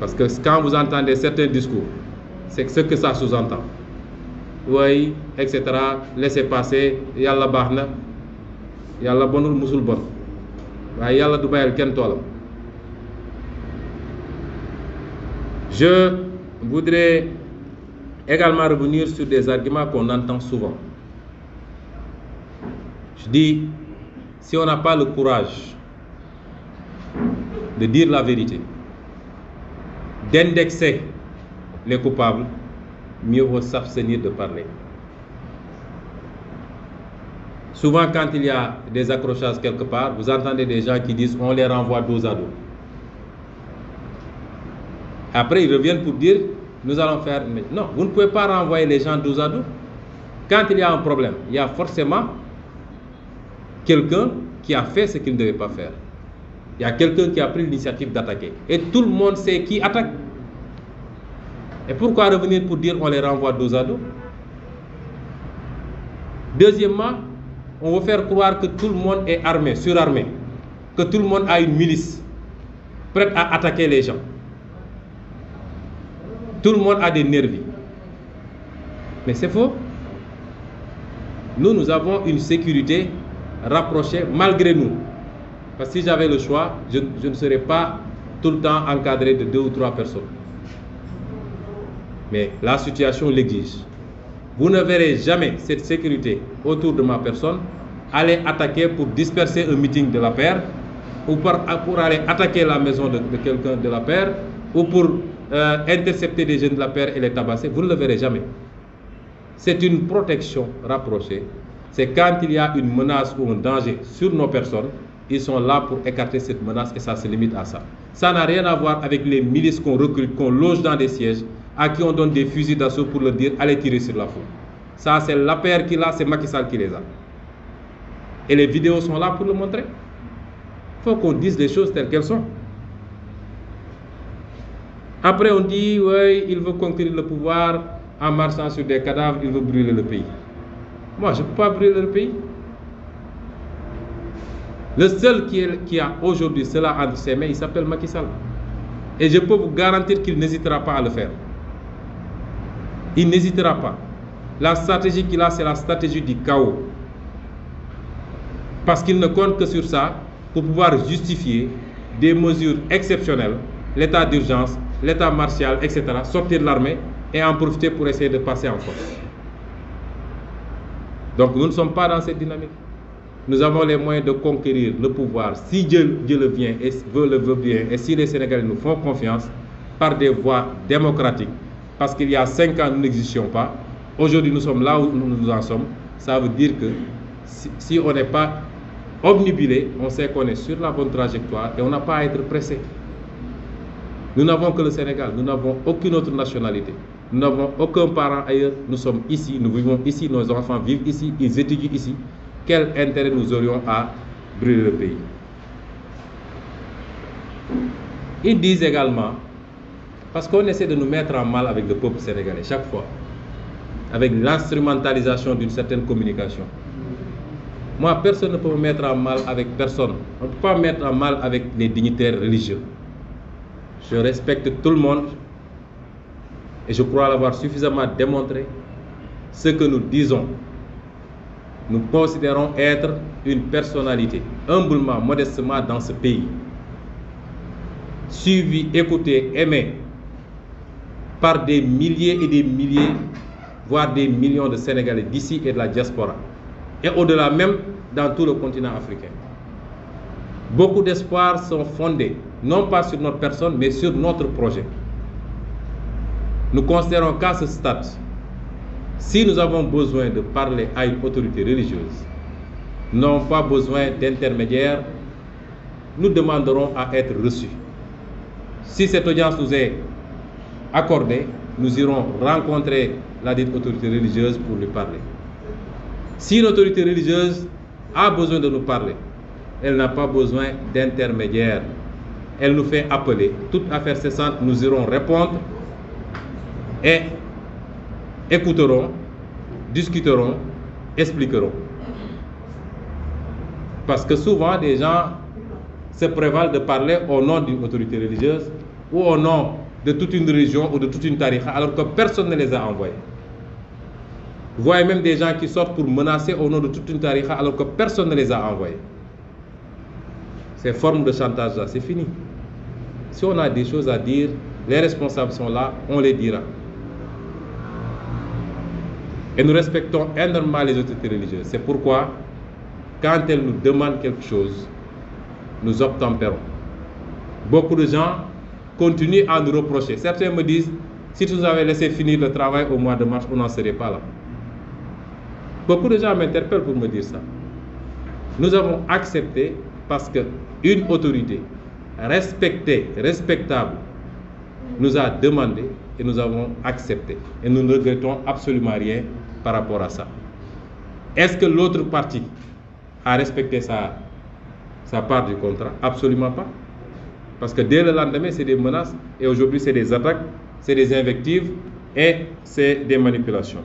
Parce que quand vous entendez certains discours, c'est ce que ça sous-entend. Oui, etc. Laissez passer. Yalla bahna. Yalla bonul musul bon. Yalla du bayal Je voudrais également revenir sur des arguments qu'on entend souvent. Je dis, si on n'a pas le courage de dire la vérité, d'indexer les coupables, mieux vaut s'abstenir de parler. Souvent, quand il y a des accrochages quelque part, vous entendez des gens qui disent on les renvoie dos à dos. Après, ils reviennent pour dire, nous allons faire... non, vous ne pouvez pas renvoyer les gens dos à dos. Quand il y a un problème, il y a forcément quelqu'un qui a fait ce qu'il ne devait pas faire. Il y a quelqu'un qui a pris l'initiative d'attaquer. Et tout le monde sait qui attaque. Et pourquoi revenir pour dire on les renvoie dos à dos Deuxièmement, on veut faire croire que tout le monde est armé, surarmé, que tout le monde a une milice prête à attaquer les gens. Tout le monde a des nervis. Mais c'est faux. Nous, nous avons une sécurité rapprochée malgré nous. Parce que si j'avais le choix, je, ne serais pas tout le temps encadré de deux ou trois personnes. Mais la situation l'exige. Vous ne verrez jamais cette sécurité autour de ma personne aller attaquer pour disperser un meeting de la paire, ou pour, aller attaquer la maison de, de quelqu'un de la paire, ou pour euh, intercepter des jeunes de la paire et les tabasser, vous ne le verrez jamais. C'est une protection rapprochée. C'est quand il y a une menace ou un danger sur nos personnes, ils sont là pour écarter cette menace et ça se limite à ça. Ça n'a rien à voir avec les milices qu'on recrute, qu'on loge dans des sièges, à qui on donne des fusils d'assaut pour leur dire allez tirer sur la foule. Ça, c'est la paire qui l'a, c'est Macky Sall qui les a. Et les vidéos sont là pour le montrer. Il faut qu'on dise les choses telles qu'elles sont. Après, on dit, oui, il veut conquérir le pouvoir en marchant sur des cadavres, il veut brûler le pays. Moi, je ne peux pas brûler le pays. Le seul qui, qui a aujourd'hui cela entre ses mains, il s'appelle Macky Sall. Et je peux vous garantir qu'il n'hésitera pas à le faire. Il n'hésitera pas. La stratégie qu'il a, c'est la stratégie du chaos. Parce qu'il ne compte que sur ça pour pouvoir justifier des mesures exceptionnelles, l'état d'urgence l'état martial, etc., sortir de l'armée et en profiter pour essayer de passer en force. Donc nous ne sommes pas dans cette dynamique. Nous avons les moyens de conquérir le pouvoir si Dieu, le, vient et veut, le veut bien et si les Sénégalais nous font confiance par des voies démocratiques. Parce qu'il y a cinq ans, nous n'existions pas. Aujourd'hui, nous sommes là où nous en sommes. Ça veut dire que si, si on n'est pas obnubilé, on sait qu'on est sur la bonne trajectoire et on n'a pas à être pressé. Nous n'avons que le Sénégal, nous n'avons aucune autre nationalité. Nous n'avons aucun parent ailleurs, nous sommes ici, nous vivons ici, nos enfants vivent ici, ils étudient ici. Quel intérêt nous aurions à brûler le pays Ils disent également, parce qu'on essaie de nous mettre en mal avec le peuple sénégalais chaque fois, avec l'instrumentalisation d'une certaine communication. Moi, personne ne peut me mettre en mal avec personne. On ne peut pas mettre en mal avec les dignitaires religieux. Je respecte tout le monde et je crois l'avoir suffisamment démontré. Ce que nous disons, nous considérons être une personnalité humblement, modestement dans ce pays. Suivi, écouté, aimé par des milliers et des milliers, voire des millions de Sénégalais d'ici et de la diaspora. Et au-delà même, dans tout le continent africain. Beaucoup d'espoirs sont fondés non pas sur notre personne, mais sur notre projet. Nous considérons qu'à ce stade, si nous avons besoin de parler à une autorité religieuse, n'ont pas besoin d'intermédiaire nous demanderons à être reçus. Si cette audience nous est accordée, nous irons rencontrer la dite autorité religieuse pour lui parler. Si une autorité religieuse a besoin de nous parler, elle n'a pas besoin d'intermédiaire elle nous fait appeler. Toute affaire cessante, nous irons répondre et écouterons, discuterons, expliquerons. Parce que souvent, des gens se prévalent de parler au nom d'une autorité religieuse ou au nom de toute une religion ou de toute une tarifa alors que personne ne les a envoyés. Vous voyez même des gens qui sortent pour menacer au nom de toute une tarifa alors que personne ne les a envoyés. Ces formes de chantage-là, c'est fini. Si on a des choses à dire, les responsables sont là, on les dira. Et nous respectons énormément les autorités religieuses. C'est pourquoi, quand elles nous demandent quelque chose, nous obtempérons. Beaucoup de gens continuent à nous reprocher. Certains me disent, si tu nous avais laissé finir le travail au mois de mars, on n'en serait pas là. Beaucoup de gens m'interpellent pour me dire ça. Nous avons accepté parce qu'une autorité respecté, respectable, nous a demandé et nous avons accepté. Et nous ne regrettons absolument rien par rapport à ça. Est-ce que l'autre partie a respecté sa, sa part du contrat Absolument pas. Parce que dès le lendemain, c'est des menaces et aujourd'hui, c'est des attaques, c'est des invectives et c'est des manipulations.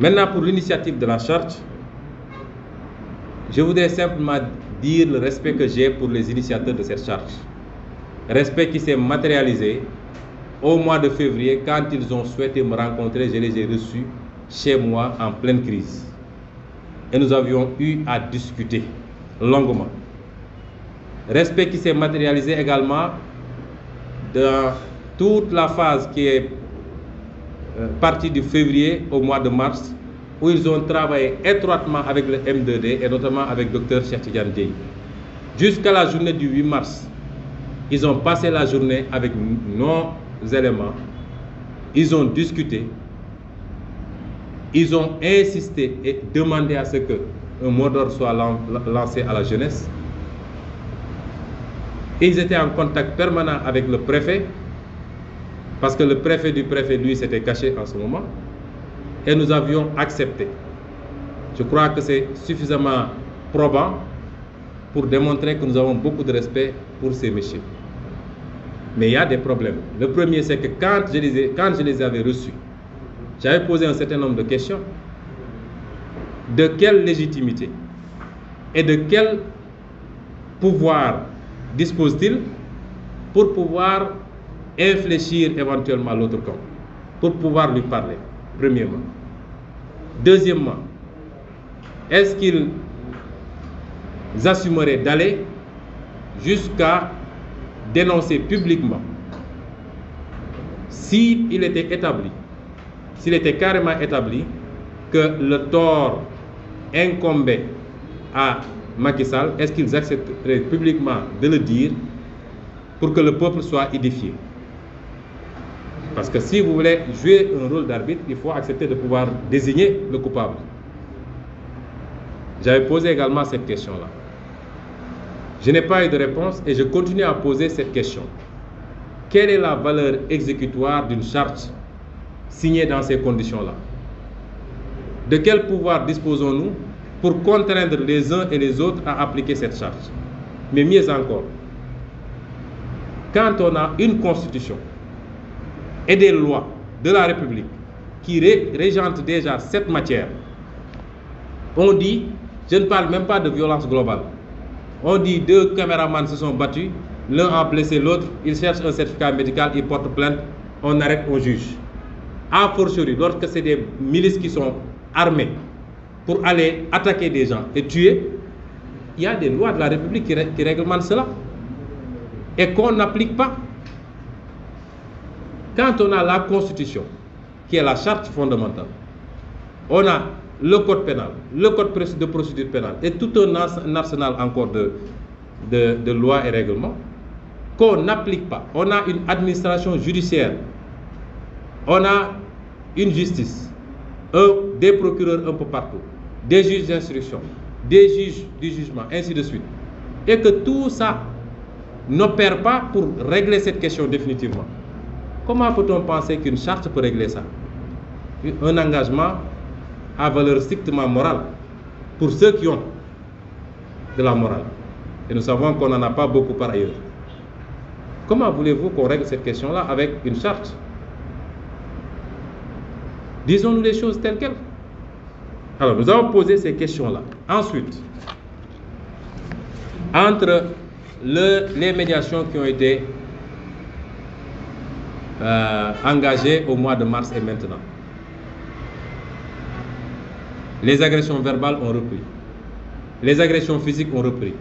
Maintenant, pour l'initiative de la charte, je voudrais simplement dire le respect que j'ai pour les initiateurs de cette charge. Respect qui s'est matérialisé au mois de février quand ils ont souhaité me rencontrer, je les ai reçus chez moi en pleine crise. Et nous avions eu à discuter longuement. Respect qui s'est matérialisé également dans toute la phase qui est euh, partie du février au mois de mars où ils ont travaillé étroitement avec le M2D et notamment avec docteur Cheikh Diaye. Jusqu'à la journée du 8 mars, ils ont passé la journée avec nos éléments, ils ont discuté, ils ont insisté et demandé à ce que un mot d'ordre soit lancé à la jeunesse. Ils étaient en contact permanent avec le préfet, parce que le préfet du préfet, lui, s'était caché en ce moment et nous avions accepté. Je crois que c'est suffisamment probant pour démontrer que nous avons beaucoup de respect pour ces messieurs. Mais il y a des problèmes. Le premier, c'est que quand je, les quand je les avais reçus, j'avais posé un certain nombre de questions. De quelle légitimité et de quel pouvoir dispose-t-il pour pouvoir infléchir éventuellement l'autre camp, pour pouvoir lui parler Premièrement. Deuxièmement, est-ce qu'ils assumeraient d'aller jusqu'à dénoncer publiquement s'il était établi, s'il était carrément établi que le tort incombait à Macky Sall, est-ce qu'ils accepteraient publiquement de le dire pour que le peuple soit édifié parce que si vous voulez jouer un rôle d'arbitre, il faut accepter de pouvoir désigner le coupable. J'avais posé également cette question-là. Je n'ai pas eu de réponse et je continue à poser cette question. Quelle est la valeur exécutoire d'une charte signée dans ces conditions-là De quel pouvoir disposons-nous pour contraindre les uns et les autres à appliquer cette charte Mais mieux encore, quand on a une constitution et des lois de la République qui régentent déjà cette matière, on dit, je ne parle même pas de violence globale, on dit deux caméramans se sont battus, l'un a blessé l'autre, ils cherchent un certificat médical, ils portent plainte, on arrête, on juge. A fortiori, lorsque c'est des milices qui sont armées pour aller attaquer des gens et tuer, il y a des lois de la République qui, qui réglementent cela et qu'on n'applique pas. Quand on a la Constitution, qui est la charte fondamentale, on a le code pénal, le code de procédure pénale et tout un arsenal encore de, de, lois et règlements qu'on n'applique pas. On a une administration judiciaire, on a une justice, des procureurs un peu partout, des juges d'instruction, des juges du jugement, ainsi de suite. Et que tout ça n'opère pas pour régler cette question définitivement. Comment peut-on penser qu'une charte peut régler ça Un engagement à valeur strictement morale pour ceux qui ont de la morale. Et nous savons qu'on n'en a pas beaucoup par ailleurs. Comment voulez-vous qu'on règle cette question-là avec une charte Disons-nous les choses telles quelles. Alors, nous avons posé ces questions-là. Ensuite, entre les médiations qui ont été euh, engagés au mois de mars et maintenant. Les agressions verbales ont repris. Les agressions physiques ont repris.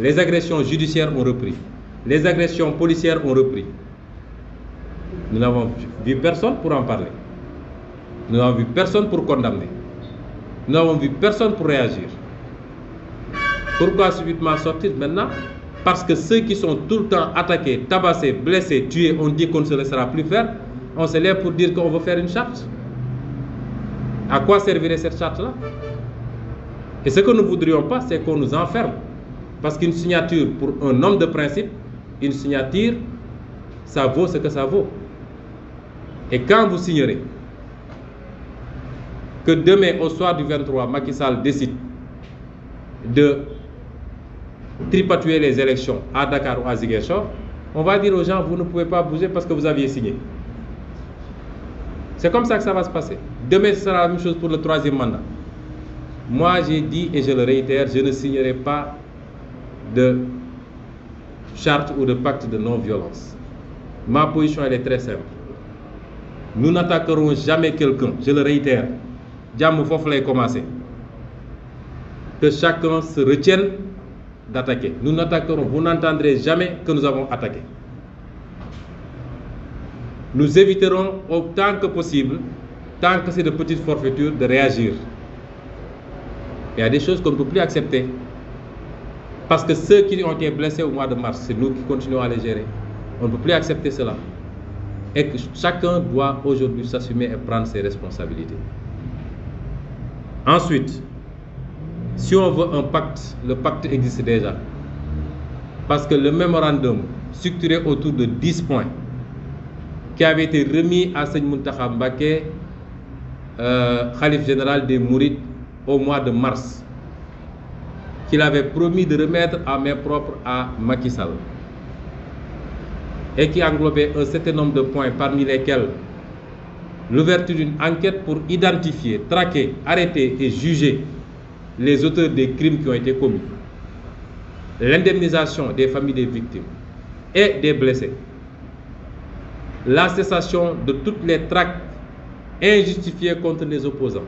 Les agressions judiciaires ont repris. Les agressions policières ont repris. Nous n'avons vu personne pour en parler. Nous n'avons vu personne pour condamner. Nous n'avons vu personne pour réagir. Pourquoi subitement sortir maintenant parce que ceux qui sont tout le temps attaqués, tabassés, blessés, tués, on dit qu'on ne se laissera plus faire. On se lève pour dire qu'on veut faire une charte. À quoi servirait cette charte-là Et ce que nous ne voudrions pas, c'est qu'on nous enferme. Parce qu'une signature pour un homme de principe, une signature, ça vaut ce que ça vaut. Et quand vous signerez que demain au soir du 23, Macky Sall décide de tripatuer les élections à Dakar ou à Ziguinchor, on va dire aux gens, vous ne pouvez pas bouger parce que vous aviez signé. C'est comme ça que ça va se passer. Demain, ce sera la même chose pour le troisième mandat. Moi, j'ai dit et je le réitère, je ne signerai pas de charte ou de pacte de non-violence. Ma position, elle est très simple. Nous n'attaquerons jamais quelqu'un, je le réitère. Diamou est commencé Que chacun se retienne d'attaquer. Nous n'attaquerons, vous n'entendrez jamais que nous avons attaqué. Nous éviterons autant que possible, tant que c'est de petites forfaitures, de réagir. Il y a des choses qu'on ne peut plus accepter. Parce que ceux qui ont été blessés au mois de mars, c'est nous qui continuons à les gérer. On ne peut plus accepter cela. Et que chacun doit aujourd'hui s'assumer et prendre ses responsabilités. Ensuite, si on veut un pacte, le pacte existe déjà. Parce que le mémorandum structuré autour de 10 points qui avait été remis à Seigne Muntaha Mbake, euh, Khalif général des Mourides, au mois de mars, qu'il avait promis de remettre à main propre à Macky Sall et qui englobait un certain nombre de points parmi lesquels l'ouverture d'une enquête pour identifier, traquer, arrêter et juger les auteurs des crimes qui ont été commis, l'indemnisation des familles des victimes et des blessés, la cessation de toutes les tracts injustifiées contre les opposants,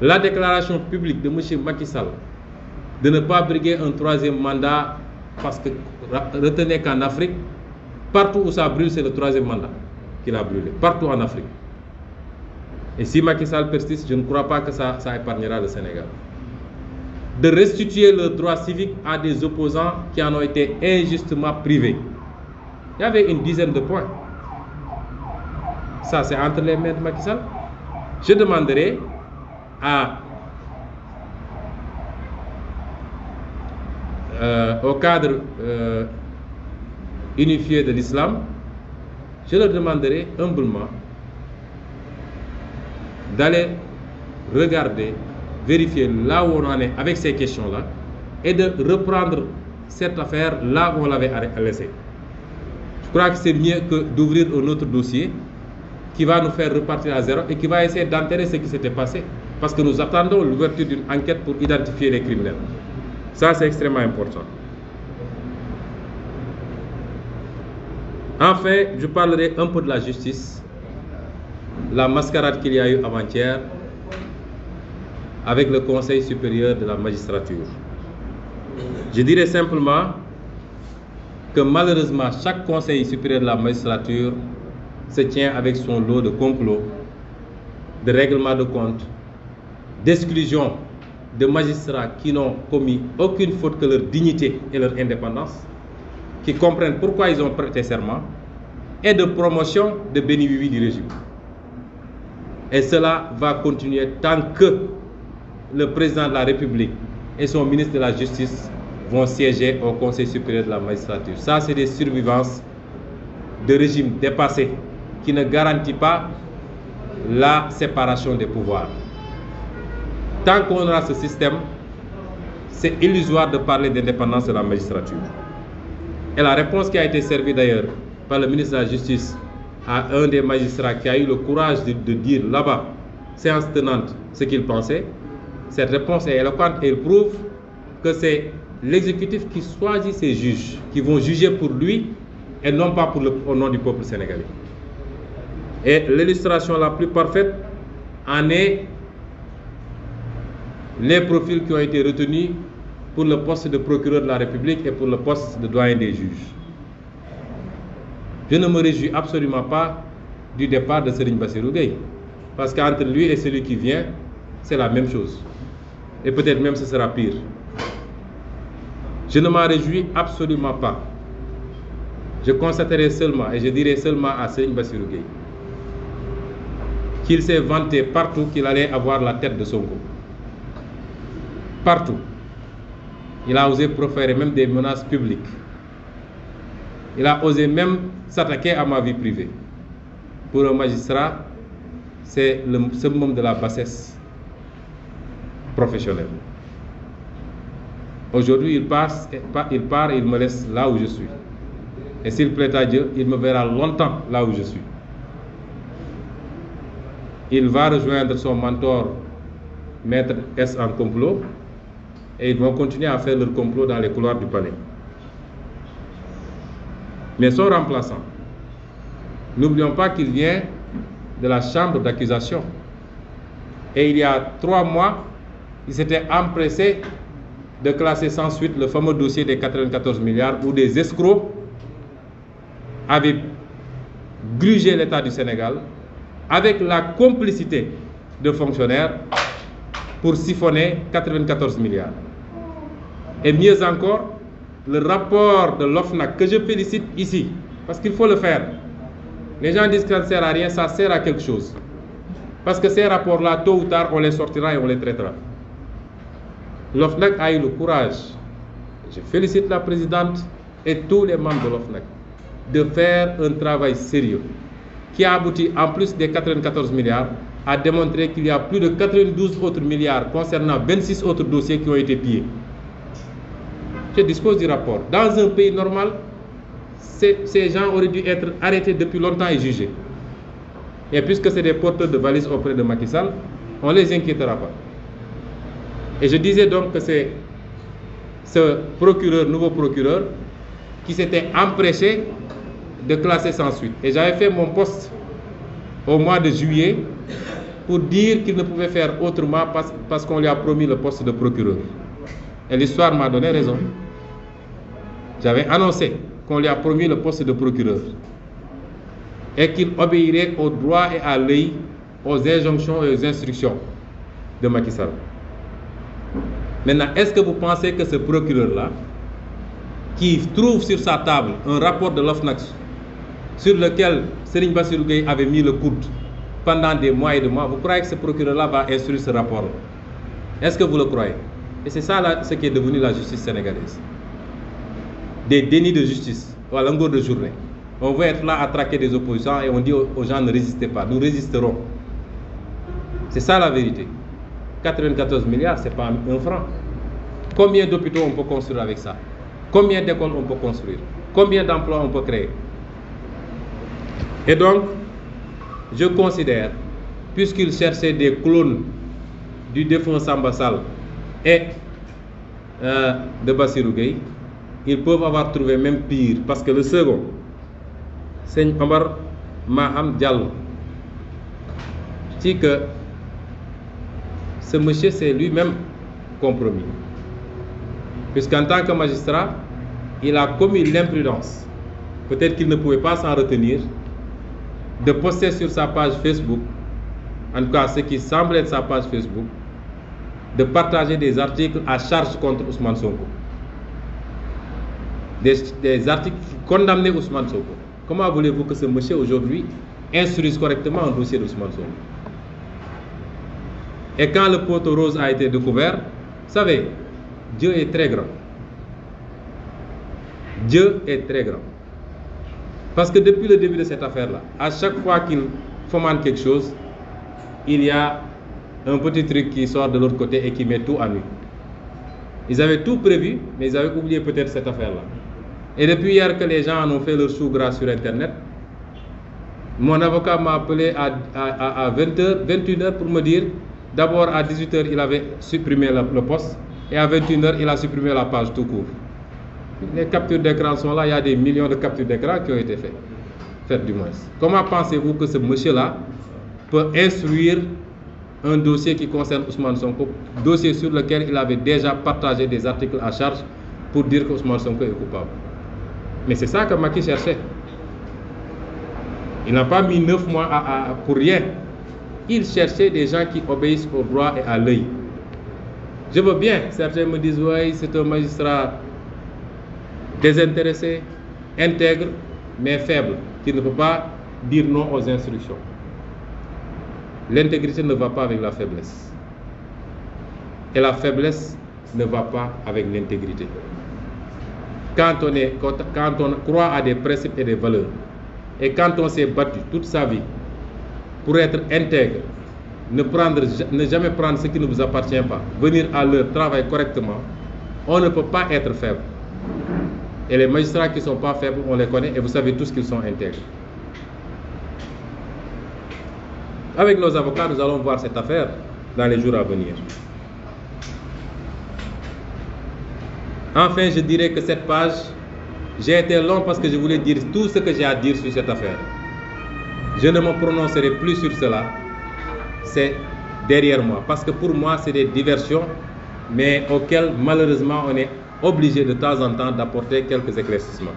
la déclaration publique de M. Macky Sall de ne pas briguer un troisième mandat parce que retenez qu'en Afrique, partout où ça brûle, c'est le troisième mandat qu'il a brûlé, partout en Afrique. Et si Macky Sall persiste, je ne crois pas que ça, ça épargnera le Sénégal de restituer le droit civique à des opposants qui en ont été injustement privés. Il y avait une dizaine de points. Ça, c'est entre les mains de Macky Je demanderai à, euh, au cadre euh, unifié de l'islam, je leur demanderai humblement d'aller regarder vérifier là où on en est avec ces questions-là et de reprendre cette affaire là où on l'avait laissée. Je crois que c'est mieux que d'ouvrir un autre dossier qui va nous faire repartir à zéro et qui va essayer d'enterrer ce qui s'était passé. Parce que nous attendons l'ouverture d'une enquête pour identifier les criminels. Ça, c'est extrêmement important. Enfin, je parlerai un peu de la justice, la mascarade qu'il y a eu avant-hier, avec le Conseil supérieur de la magistrature. Je dirais simplement que malheureusement, chaque Conseil supérieur de la magistrature se tient avec son lot de complots, de règlements de compte, d'exclusion de magistrats qui n'ont commis aucune faute que leur dignité et leur indépendance, qui comprennent pourquoi ils ont prêté serment, et de promotion de Béni du régime. Et cela va continuer tant que le président de la République et son ministre de la Justice vont siéger au Conseil supérieur de la magistrature. Ça, c'est des survivances de régimes dépassés qui ne garantissent pas la séparation des pouvoirs. Tant qu'on aura ce système, c'est illusoire de parler d'indépendance de la magistrature. Et la réponse qui a été servie d'ailleurs par le ministre de la Justice à un des magistrats qui a eu le courage de, de dire là-bas, séance tenante, ce qu'il pensait, cette réponse est éloquente et elle prouve que c'est l'exécutif qui choisit ses juges, qui vont juger pour lui et non pas pour au nom du peuple sénégalais. Et l'illustration la plus parfaite en est les profils qui ont été retenus pour le poste de procureur de la République et pour le poste de doyen des juges. Je ne me réjouis absolument pas du départ de Serigne Bassirou parce qu'entre lui et celui qui vient, c'est la même chose et peut-être même ce sera pire. Je ne m'en réjouis absolument pas. Je constaterai seulement et je dirai seulement à Seigne Bassirou qu'il s'est vanté partout qu'il allait avoir la tête de son Sonko. Partout. Il a osé proférer même des menaces publiques. Il a osé même s'attaquer à ma vie privée. Pour un magistrat, c'est le summum de la bassesse professionnel. Aujourd'hui, il, il part et il me laisse là où je suis. Et s'il plaît à Dieu, il me verra longtemps là où je suis. Il va rejoindre son mentor, Maître S en complot, et ils vont continuer à faire leur complot dans les couloirs du palais. Mais son remplaçant, n'oublions pas qu'il vient de la chambre d'accusation. Et il y a trois mois, il s'était empressé de classer sans suite le fameux dossier des 94 milliards où des escrocs avaient grugé l'État du Sénégal avec la complicité de fonctionnaires pour siphonner 94 milliards. Et mieux encore, le rapport de l'OFNAC que je félicite ici, parce qu'il faut le faire. Les gens disent que ça ne sert à rien, ça sert à quelque chose. Parce que ces rapports-là, tôt ou tard, on les sortira et on les traitera l'OFNAC a eu le courage, je félicite la présidente et tous les membres de l'OFNAC, de faire un travail sérieux qui a abouti, en plus des 94 milliards, à démontrer qu'il y a plus de 92 autres milliards concernant 26 autres dossiers qui ont été pillés. Je dispose du rapport. Dans un pays normal, ces, gens auraient dû être arrêtés depuis longtemps et jugés. Et puisque c'est des porteurs de valises auprès de Macky Sall, on ne les inquiétera pas. Et je disais donc que c'est ce procureur, nouveau procureur, qui s'était empêché de classer sans suite. Et j'avais fait mon poste au mois de juillet pour dire qu'il ne pouvait faire autrement parce, qu'on lui a promis le poste de procureur. Et l'histoire m'a donné raison. J'avais annoncé qu'on lui a promis le poste de procureur et qu'il obéirait aux droits et à l'œil, aux injonctions et aux instructions de Macky Sall. Maintenant, est-ce que vous pensez que ce procureur-là, qui trouve sur sa table un rapport de l'OFNAX sur lequel Serigne avait mis le coude pendant des mois et des mois, vous croyez que ce procureur-là va instruire ce rapport-là Est-ce que vous le croyez Et c'est ça ce qui est devenu la justice sénégalaise. Des dénis de justice, à longueur de journée. On veut être là à traquer des opposants et on dit aux gens ne résistez pas, nous résisterons. C'est ça la vérité. 94 milliards, c'est pas un franc. Combien d'hôpitaux on peut construire avec ça Combien d'écoles on peut construire Combien d'emplois on peut créer Et donc, je considère, puisqu'ils cherchaient des clones du défense Ambassal et euh, de Bassirou ils peuvent avoir trouvé même pire, parce que le second, c'est Omar Maham Diallo, dit que ce monsieur s'est lui-même compromis. Puisqu'en tant que magistrat, il a commis l'imprudence, peut-être qu'il ne pouvait pas s'en retenir, de poster sur sa page Facebook, en tout cas ce qui semble être sa page Facebook, de partager des articles à charge contre Ousmane Sonko. Des, articles condamnés Ousmane Sonko. Comment voulez-vous que ce monsieur aujourd'hui instruise correctement un dossier d'Ousmane Sonko et quand le poteau rose a été découvert, vous savez, Dieu est très grand. Dieu est très grand. Parce que depuis le début de cette affaire-là, à chaque fois qu'il fomente quelque chose, il y a un petit truc qui sort de l'autre côté et qui met tout à nu. Ils avaient tout prévu, mais ils avaient oublié peut-être cette affaire-là. Et depuis hier que les gens en ont fait leur sous gras sur Internet, mon avocat m'a appelé à, 20 21h pour me dire D'abord, à 18h, il avait supprimé le, poste et à 21h, il a supprimé la page tout court. Les captures d'écran sont là, il y a des millions de captures d'écran qui ont été faites. Faites du moins. Comment pensez-vous que ce monsieur-là peut instruire un dossier qui concerne Ousmane Sonko, dossier sur lequel il avait déjà partagé des articles à charge pour dire qu'Ousmane Sonko est coupable Mais c'est ça que Maki cherchait. Il n'a pas mis neuf mois à, pour rien il cherchait des gens qui obéissent au droit et à l'œil. Je veux bien, certains me disent, oui, c'est un magistrat désintéressé, intègre, mais faible, qui ne peut pas dire non aux instructions. L'intégrité ne va pas avec la faiblesse. Et la faiblesse ne va pas avec l'intégrité. quand on croit à des principes et des valeurs, et quand on s'est battu toute sa vie pour être intègre, ne, prendre, ne jamais prendre ce qui ne vous appartient pas, venir à leur travail correctement, on ne peut pas être faible. Et les magistrats qui ne sont pas faibles, on les connaît et vous savez tous qu'ils sont intègres. Avec nos avocats, nous allons voir cette affaire dans les jours à venir. Enfin, je dirais que cette page, j'ai été long parce que je voulais dire tout ce que j'ai à dire sur cette affaire je ne me prononcerai plus sur cela. C'est derrière moi. Parce que pour moi, c'est des diversions, mais auxquelles malheureusement on est obligé de temps en temps d'apporter quelques éclaircissements.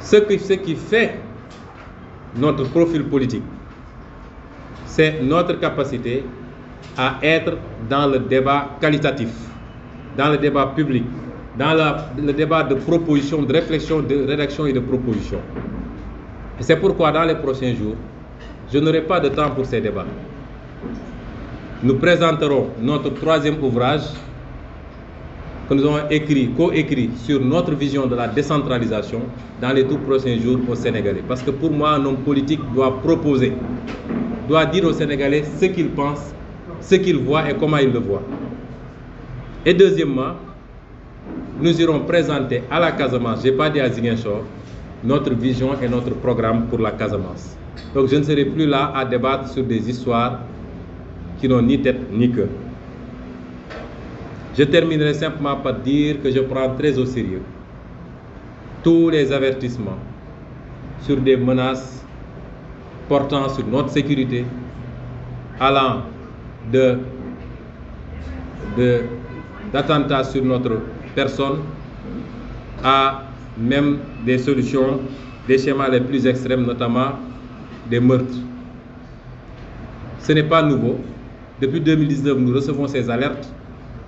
Ce, qui fait notre profil politique, c'est notre capacité à être dans le débat qualitatif, dans le débat public, dans le débat de proposition, de réflexion, de rédaction et de proposition. Et c'est pourquoi dans les prochains jours, je n'aurai pas de temps pour ces débats. Nous présenterons notre troisième ouvrage que nous avons écrit, co-écrit sur notre vision de la décentralisation dans les tout prochains jours au Sénégalais. Parce que pour moi, un homme politique doit proposer, doit dire aux Sénégalais ce qu'il pense, ce qu'il voit et comment il le voit. Et deuxièmement, nous irons présenter à la Casamance, je n'ai pas dit à notre vision et notre programme pour la Casamance. Donc je ne serai plus là à débattre sur des histoires qui n'ont ni tête ni queue. Je terminerai simplement par dire que je prends très au sérieux tous les avertissements sur des menaces portant sur notre sécurité, allant de d'attentats sur notre personne à même des solutions, des schémas les plus extrêmes, notamment des meurtres. Ce n'est pas nouveau. Depuis 2019, nous recevons ces alertes,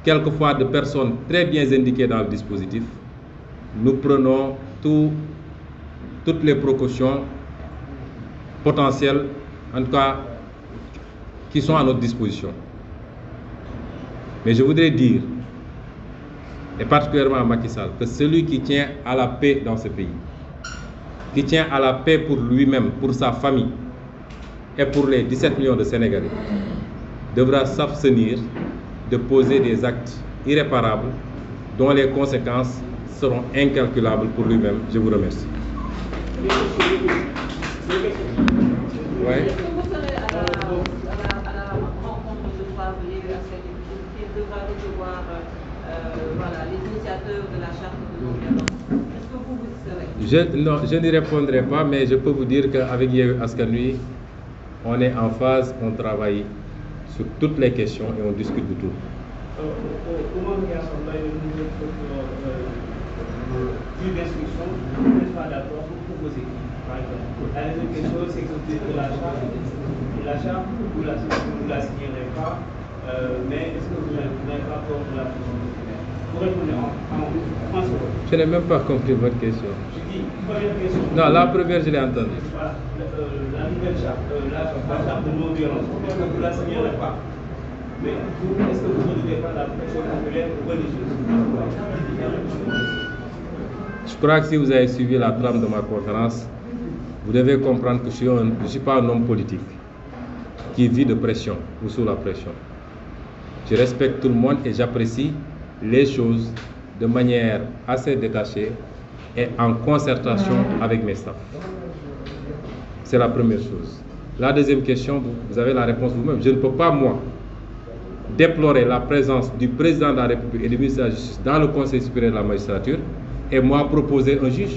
quelquefois de personnes très bien indiquées dans le dispositif. Nous prenons toutes les précautions potentielles, en tout cas, qui sont à notre disposition. Mais je voudrais dire et particulièrement à Macky Sall, que celui qui tient à la paix dans ce pays, qui tient à la paix pour lui-même, pour sa famille et pour les 17 millions de Sénégalais, devra s'abstenir de poser des actes irréparables dont les conséquences seront incalculables pour lui-même. Je vous remercie. Ouais. de la charte de gouvernance. Est-ce que vous vous serez je, Non, je n'y répondrai pas, mais je peux vous dire qu'avec Yehu Askanui, on est en phase, on travaille sur toutes les questions et on discute de tout. Euh, euh, euh, comment le d'instruction n'est pas d'accord pour équipes, par exemple La deuxième question, c'est que de la charte, la charte, vous ne la signerez pas, mais est-ce que vous n'avez pas peur de la je n'ai même pas compris votre question. Non, la première, je l'ai entendue. Je crois que si vous avez suivi la trame de ma conférence, vous devez comprendre que je ne suis pas un homme politique qui vit de pression ou sous la pression. Je respecte tout le monde et j'apprécie les choses de manière assez détachée et en concertation avec mes staffs. C'est la première chose. La deuxième question, vous avez la réponse vous-même. Je ne peux pas, moi, déplorer la présence du président de la République et du ministre de la Justice dans le Conseil supérieur de la magistrature et moi proposer un juge.